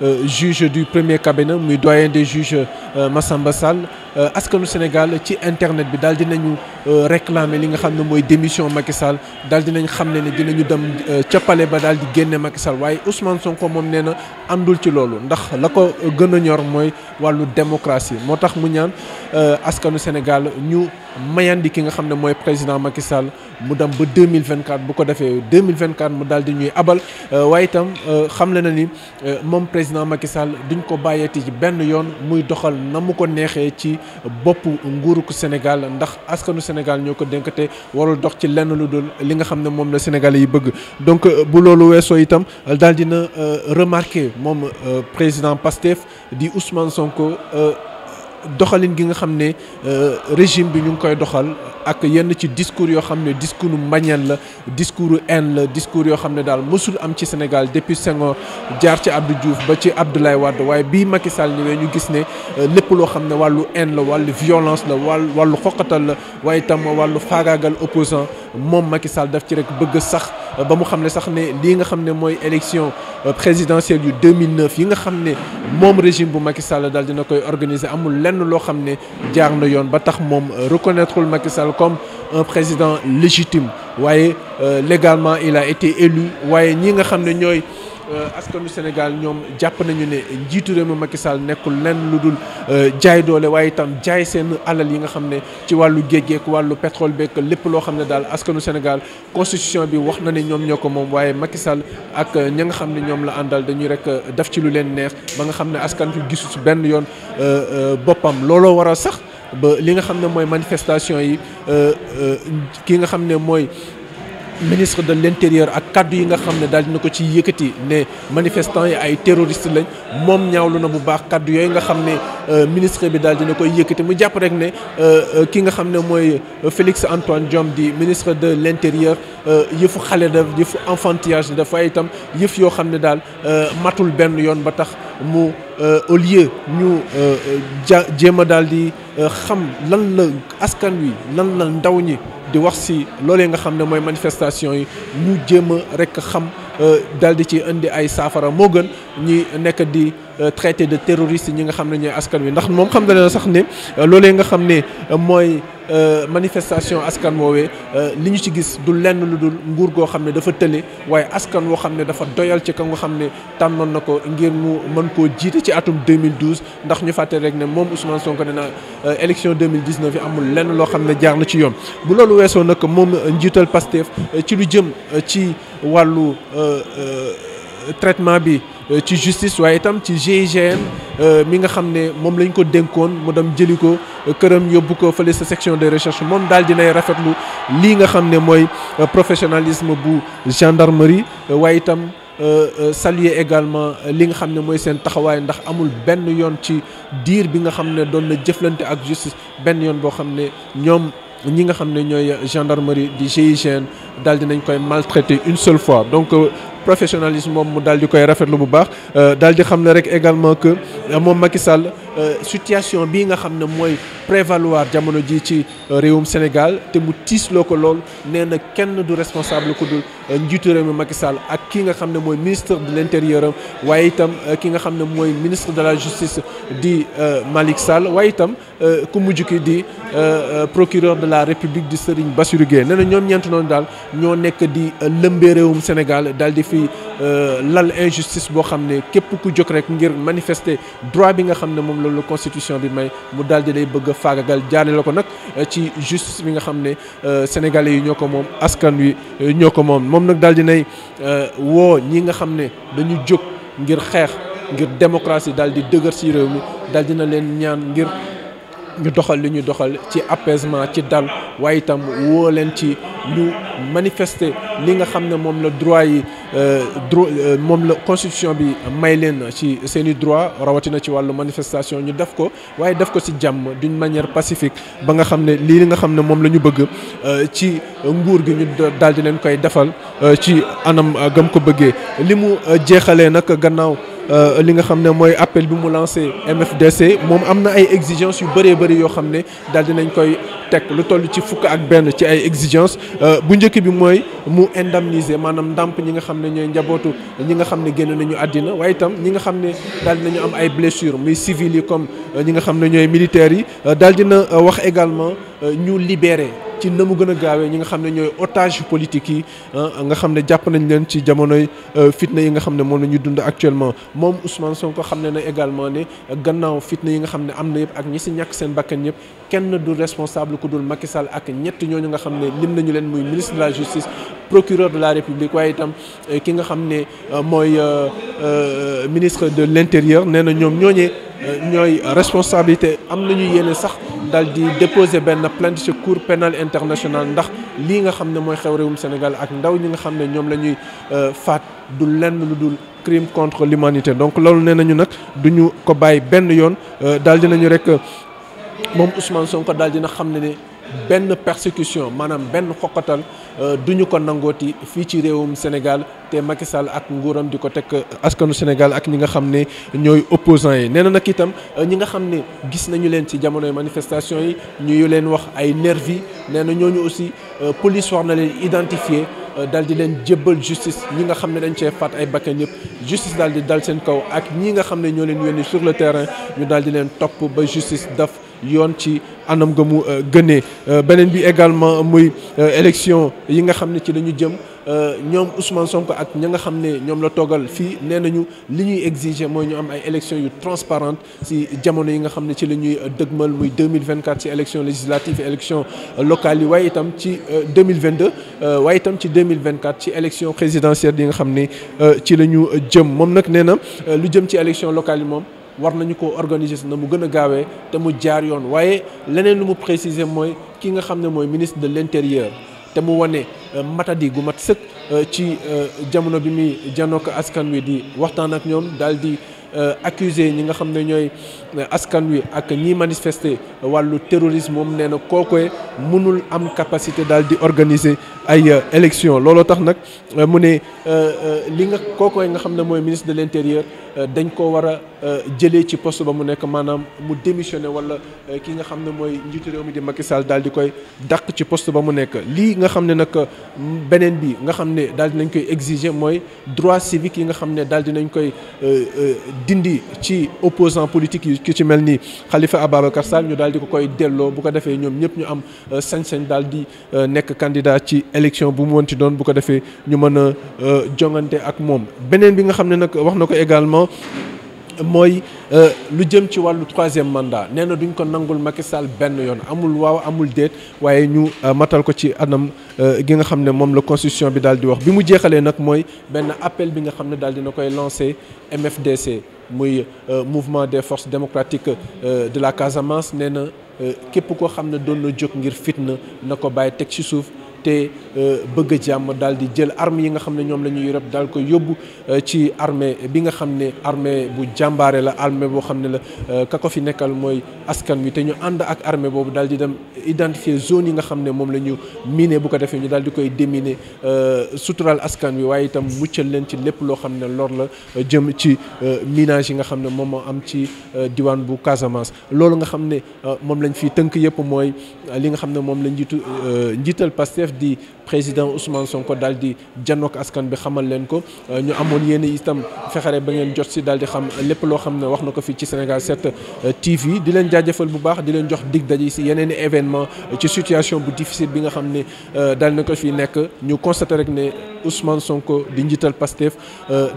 Euh, juge du premier cabinet muy doyen des juges euh, Massamba Sall euh, askanu Sénégal ci internet bi daal dinañu réclamer li nga xam ne mooy démission Macky dal daal dinañ xam ne ne dinañu dem ca pale ba daal di génne Macky Sall waaye Ousmane Sonko moom nee na àndul ci loolu ndax la ko gën a ñor mooy wàllu démocratie moo tax mu ñaan askanu Sénégal ñu mayandi ki nga xam ne mooy président Macky Sall mu dem ba 2024 bu ko defee 2024 mu daal di ñuy abal waaye itam xam le na ni moom président président Macky Sall duñ ko bàyyeeti ci benn yoon muy doxal na mu ko neexee ci bopp nguuru Sénégal ndax askanu Sénégal ñoo ko dénk te warul dox ci lenn lu dul li nga xam ne moom la Sénégalais yi bëgg donc euh, bu loolu weesoo itam euh, daal dina euh, remarqué moom président Pastef di Ousmane Sonko. doxalin gi nga xam ne euh, régime bi ñu ngi koy doxal ak yenn ci discours yoo xam ne discours mbañeel la discours haine la discours yoo xam ne daal mësul am ci Sénégal depuis Senghor jaar ci Abdou Diouf ba ci Abdoulaye Wade waaye bii Macky Sall ñëwee ñu gis ne euh, lépp loo xam ne wàllu haine la wàllu violence la wàllu wàllu xoqatal la waaye itam wàllu faagaagal opposant moom Macky Sall daf ci rek bëgg sax ba mu xam ne sax ne lii nga xam ne mooy élection euh, présidentielle yu 2009 yi nga xam ne moom régime bu Macky Sall daal dina koy organiser amul lenn loo xam ne jaar na yoon ba tax moom euh, reconnaîtrewul Macky Sall comme un président légitime waaye euh, légalement il a été élu waaye ñi nga xam ne ñooy. Euh, askanu Sénégal ñoom jàpp nañu ne njiitu réew mi Macky Sall nekkul lenn lu dul euh, jaay doole waaye itam jaay seen alal yi nga xam ne ci wàllu géej geek wàllu pétrole beeg lépp loo xam ne daal askanu Sénégal constitution bi wax na ne ñoom ñoo ko moom waaye Macky Sall ak ña nga xam ne ñoom la àndal dañuy rek euh, daf ci lu leen neex ba nga xam ne askan fi gisu ci benn yoon boppam looloo waral sax ba li nga xam ne mooy manifestation yi ki nga xam ne mooy. ministre de l'intérieur ak kaddu yi nga xam ne daal dina ko ci yëkkati ne manifestants yi ay terroristes lañ moom ñaawlu na bu baax kàddu yooyu nga xam ne euh, ministre bi daal dina koy yëkkati mu jàpp rek ne euh, euh, ki nga xam ne mooy Félix Antoine Diome di ministre de l'intérieur yëfu xale def yëfu enfantillage dafa itam yëf yoo xam ne daal matul benn yoon ba tax mu au lieu ñu ja jéem a daal di xam lan la askan wi lan la ndaw ñi. di wax si loolee nga xam ne mooy manifestation yi ñu jéem a rek xam euh, daal di ci indi ay saafara moo gën ñi nekk di euh, traité de terroriste ñi nga xam ne ñooy askan wi ndax moom xam na ne sax ne euh, loolee nga xam ne mooy. Euh, manifestation askan woowee euh, li ñu ci gis du lenn lu dul nguur goo xam ne dafa tële waaye askan woo xam ne dafa doyal ci ka nga xam ne tànnoon na ko ngir mu mën koo jiite ci atum 2012 ndax ñu fàtte rek ne moom Ousmane Sonko ne na euh, élection 2019 yi amul lenn loo xam ne jaar na ci yoon bu loolu weesoo nag moom njiital Pastef ci lu jëm ci wàllu traitement bi euh, ci justice waaye itam ci GIGN euh, mi nga xam ne moom lañ ko dénkoon mu dem jëli ko euh, këram yóbbu ko fële sa section de recherche moom daal rafet rafetlu lii nga xam ne mooy professionalisme bu gendarmerie waaye itam saluer également li nga xam ne mooy seen taxawaay ndax amul benn yoon ci diir bi nga xam ne doon na jëflante ak justice benn yoon boo xam ne ñoom ñi nga xam ne ñooy gendarmerie di GIGN daal nañ koy maltraiter une seule fois donc professionnalisme moom mu daal di koy rafetlu bu baax euh, daal di xam ne rek également que euh, moom Macky Sall Euh, situation bii nga xam ne mooy prévaloir jamono ji ci euh, réewum Sénégal te mu tiisloo ko lool nee na kenn du responsable ku dul euh, njiitu réew mi Macky Sall ak ki nga xam ne mooy ministre de l'intérieur waaye itam ki nga xam ne mooy ministre de la justice di Malick Sall waaye itam ku mujj ki di procureur de la République di Serigne ba Guèye nee na ñoom ñeent noonu daal ñoo nekk di lëmbee réewum Sénégal daal di fi lal injustice boo xam ne képp ku jog rek ngir manifester droit bi nga xam ne moom moom loolu constitution bi may mu daal di lay bëgg a faagagal jaaree la ko nag euh, ci justice bi nga xam ne euh, sénégalais yi ñoo ko moom askan wi euh, ñoo ko moom moom nag daal di nay woo ñi nga xam ne dañu jóg ngir xeex ngir démocratie daal di dëgër si réew mi daal dina leen ñaan ngir ñu doxal li ñu doxal ci apaisement ci dal waaye itam woo leen ci ñu manifester li nga xam ne moom la droit yi. Euh, droit euh, moom la constitution bi may leen ci seen i droit rawatina ci wàllu manifestation ñu def ko waaye def ko ci jàmm d'une manière pacifique ba nga xam ne lii li nga xam ne moom la ñu bëgg euh, ci nguur gi ñu daal di leen koy defal ci anam gam ko bëggee li mu jeexalee nag gannaaw li nga xam ne mooy appel bi mu lancé MFDC moom am na ay exigence yu bëree bëri yoo xam ne daal dinañ koy teg lu toll ci fukk ak benn ci ay exigences bu njëkk bi mooy mu indemniser maanaam ndàmp ñi nga xam ne njabootu ñi nga xam ne génn nañu àddina waaye itam ñi nga xam ne daal nañu am ay blessures muy civils yi comme euh, ñi nga xam ne ñooy militaires yi euh, daal dina euh, wax également ñu libérer ci na mu gën a gaawee ñi nga xam ne ñooy otage politique yi nga xam ne jàpp nañ leen ci jamonoy euh, fitna yi nga xam ne moom la ñuy dund actuellement moom Ousmane Sonko xam ne na également ne gannaaw fitna yi nga xam ne am na yëpp ak ñi si ñàkk seen bakkan yëpp kenn du responsable ku dul Macky Sall ak ñett ñooñu nga xam ne lim nañu leen muy ministre de la justice procureur de la république waaye itam euh, ki nga xam ne euh, mooy ministre de l'intérieur nee na ñoom ñooñee ñooy responsabilité am nañu yéene sax dal di déposé benn plainte ci cour pénale internationale ndax lii nga xam ne mooy xew réewum Sénégal ak ndaw ñi nga xam ne ñoom la ñuy euh, faat du lenn lu dul crime contre l'humanité donc loolu nee nañu nag duñu ko bàyyi benn yoon euh, daal nañu rek euh, moom ko dal daal dina xam ne ni benn persécution maanaam benn xoqatal euh, du ñu ko nangooti fii ci réewum Sénégal te Macky Sall ak nguuram di ko teg euh, askanu Sénégal ak ñi nga xam ne ñooy opposants yi nee na nag itam euh, ñi nga xam ne gis nañu leen ci jamonoy manifestation yi ñu leen wax ay nervi nee na ñooñu aussi police war na leen identifier dal di leen jébbal justice ñi nga xam ne dañ cee faat ay bakkan yëpp justice daal di dal seen kaw ak ñi xam ne ñoo leen yónni sur le terrain ñu daal di leen topp ba justice daf yoon ci anam ga mu euh, gënee euh, beneen bi également muy euh, élection yi nga xam ne ci dañu jëm ñoom Ousmane Sonko ak ña nga xam ne ñoom la toggal fii nee nañu li ñuy exiger mooy ñu am ay élections yu transparente si jamono yi nga xam ne ci la ñuy dëgmal muy 2024 si élection législative élection locale yi waaye itam ci 2022 waaye itam ci 2024 ci élection présidentielle yi nga xam ne ci la ñu jëm moom nag nee na lu jëm ci élection locale yi moom war nañu ko organiser su na mu gën a gaawee te mu jaar yoon waaye leneen lu mu préciser mooy kii nga xam ne mooy ministre de l'intérieur te mu wane euh, matadi gu mat sëkk euh, ci euh, jamono bi muy janoo ko askan wi di waxtaan ak ñoom daal di accusé ñi nga xam ne ñooy askan wi ak ñiy manifester wàllu terrorisme moom nee na kookoy mënul am capacité daal di organiser ay élection looloo tax nag mu ne li nga kookoy nga xam ne mooy ministre de l'intérieur Euh, dañ ko war a euh, jëlee ci poste ba mu nekk maanaam mu démissionné wala euh, kii nga xam ne mooy njiitu réew mi di Macky Sall daal di koy dàq ci poste ba mu nekk lii nga xam ne nag mm, beneen bi nga xam ne daal dinañ koy exiger mooy droit civique yi nga xam ne daal dinañ koy dindi ci opposant politique yi ki ci mel ni Khalifa Ababacar Sall ñu daal di ko koy delloo bu ko defee ñoom ñëpp ñu am sañ-sañ daal di nekk candidat ci élection bu mu wanti doon bu ko defee ñu mën a jongante ak moom beneen bi nga xam ne nag wax na ko également également mooy euh, lu jëm ci wàllu troisième mandat nee na duñ ko nangul Macky Sall benn yoon amul waaw amul déet waaye ñu euh, matal ko ci anam euh, gi nga xam ne moom la constitution bi daal di wax bi mu jeexalee nag mooy benn appel bi nga xam ne daal dina koy lancé MFDC muy mouvement des forces démocratiques de la Casamance nee na képp koo xam ne doon na jóg ngir fitna na ko bàyyi teg ci suuf te euh, bëgg jàmm daal di jël armes yi nga xam ne ñoom la ñuy yoreb daal ko yóbbu euh, ci armée bi nga xam ne armee bu jàmbaare la armée boo xam ne la euh, ka fi nekkal mooy askan wi te ñu ànd ak armée boobu daal di dem identifier zone yi nga xam ne moom la ñu miné bu ko defee ñu daal di koy déminer sutural askan wi waaye itam muccal leen ci lépp loo xam ne lor la jëm ci minage yi nga xam ne moom moo am ci diwaan bu Casamance loolu nga xam ne moom lañ fi tënk yëpp mooy li nga xam ne moom la njiitu njiital Pastef di président Ousmane Sonko daal di janook askan bi xamal leen ko euh, ñu amoon yéen itam fexere ba ngeen jot si daal di xam lépp loo xam ne wax na ko fii ci Sénégal 7 euh, TV di leen jaajafal bu baax di leen jox dig daje si yeneen i événement ci situation bu difficile bi nga xam ne euh, daal na ko fii nekk ñu constaté rek ne Ousmane Sonko di njiital Pastef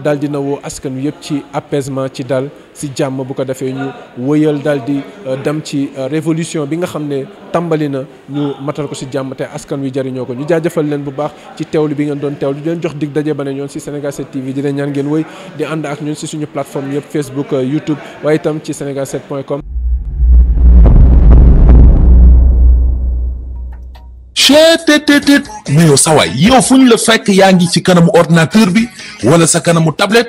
daal dina woo askan wi yëpp ci apaisement ci daal si jàmm bu ko defee ñu wëyal daal di euh, dem ci euh, révolution bi nga xam ne tàmbali na ñu matal ko si jàmm te askan wi jariñoo ko ñu jaajëfal leen bu baax ci teewlu bi ngeen doon teewlu di leen jox dig daje ba ne ñoon si Sénégal 7 TV di leen ñaan ngeen wëy di ànd ak ñun si suñu plateforme yëpp Facebook euh, YouTube waaye itam ci sénégal 7 point com chetttt mais yow sawaay yow fu ñu la fekk yaa ngi ci kanamu ordinateur bi wala sa kanamu tablet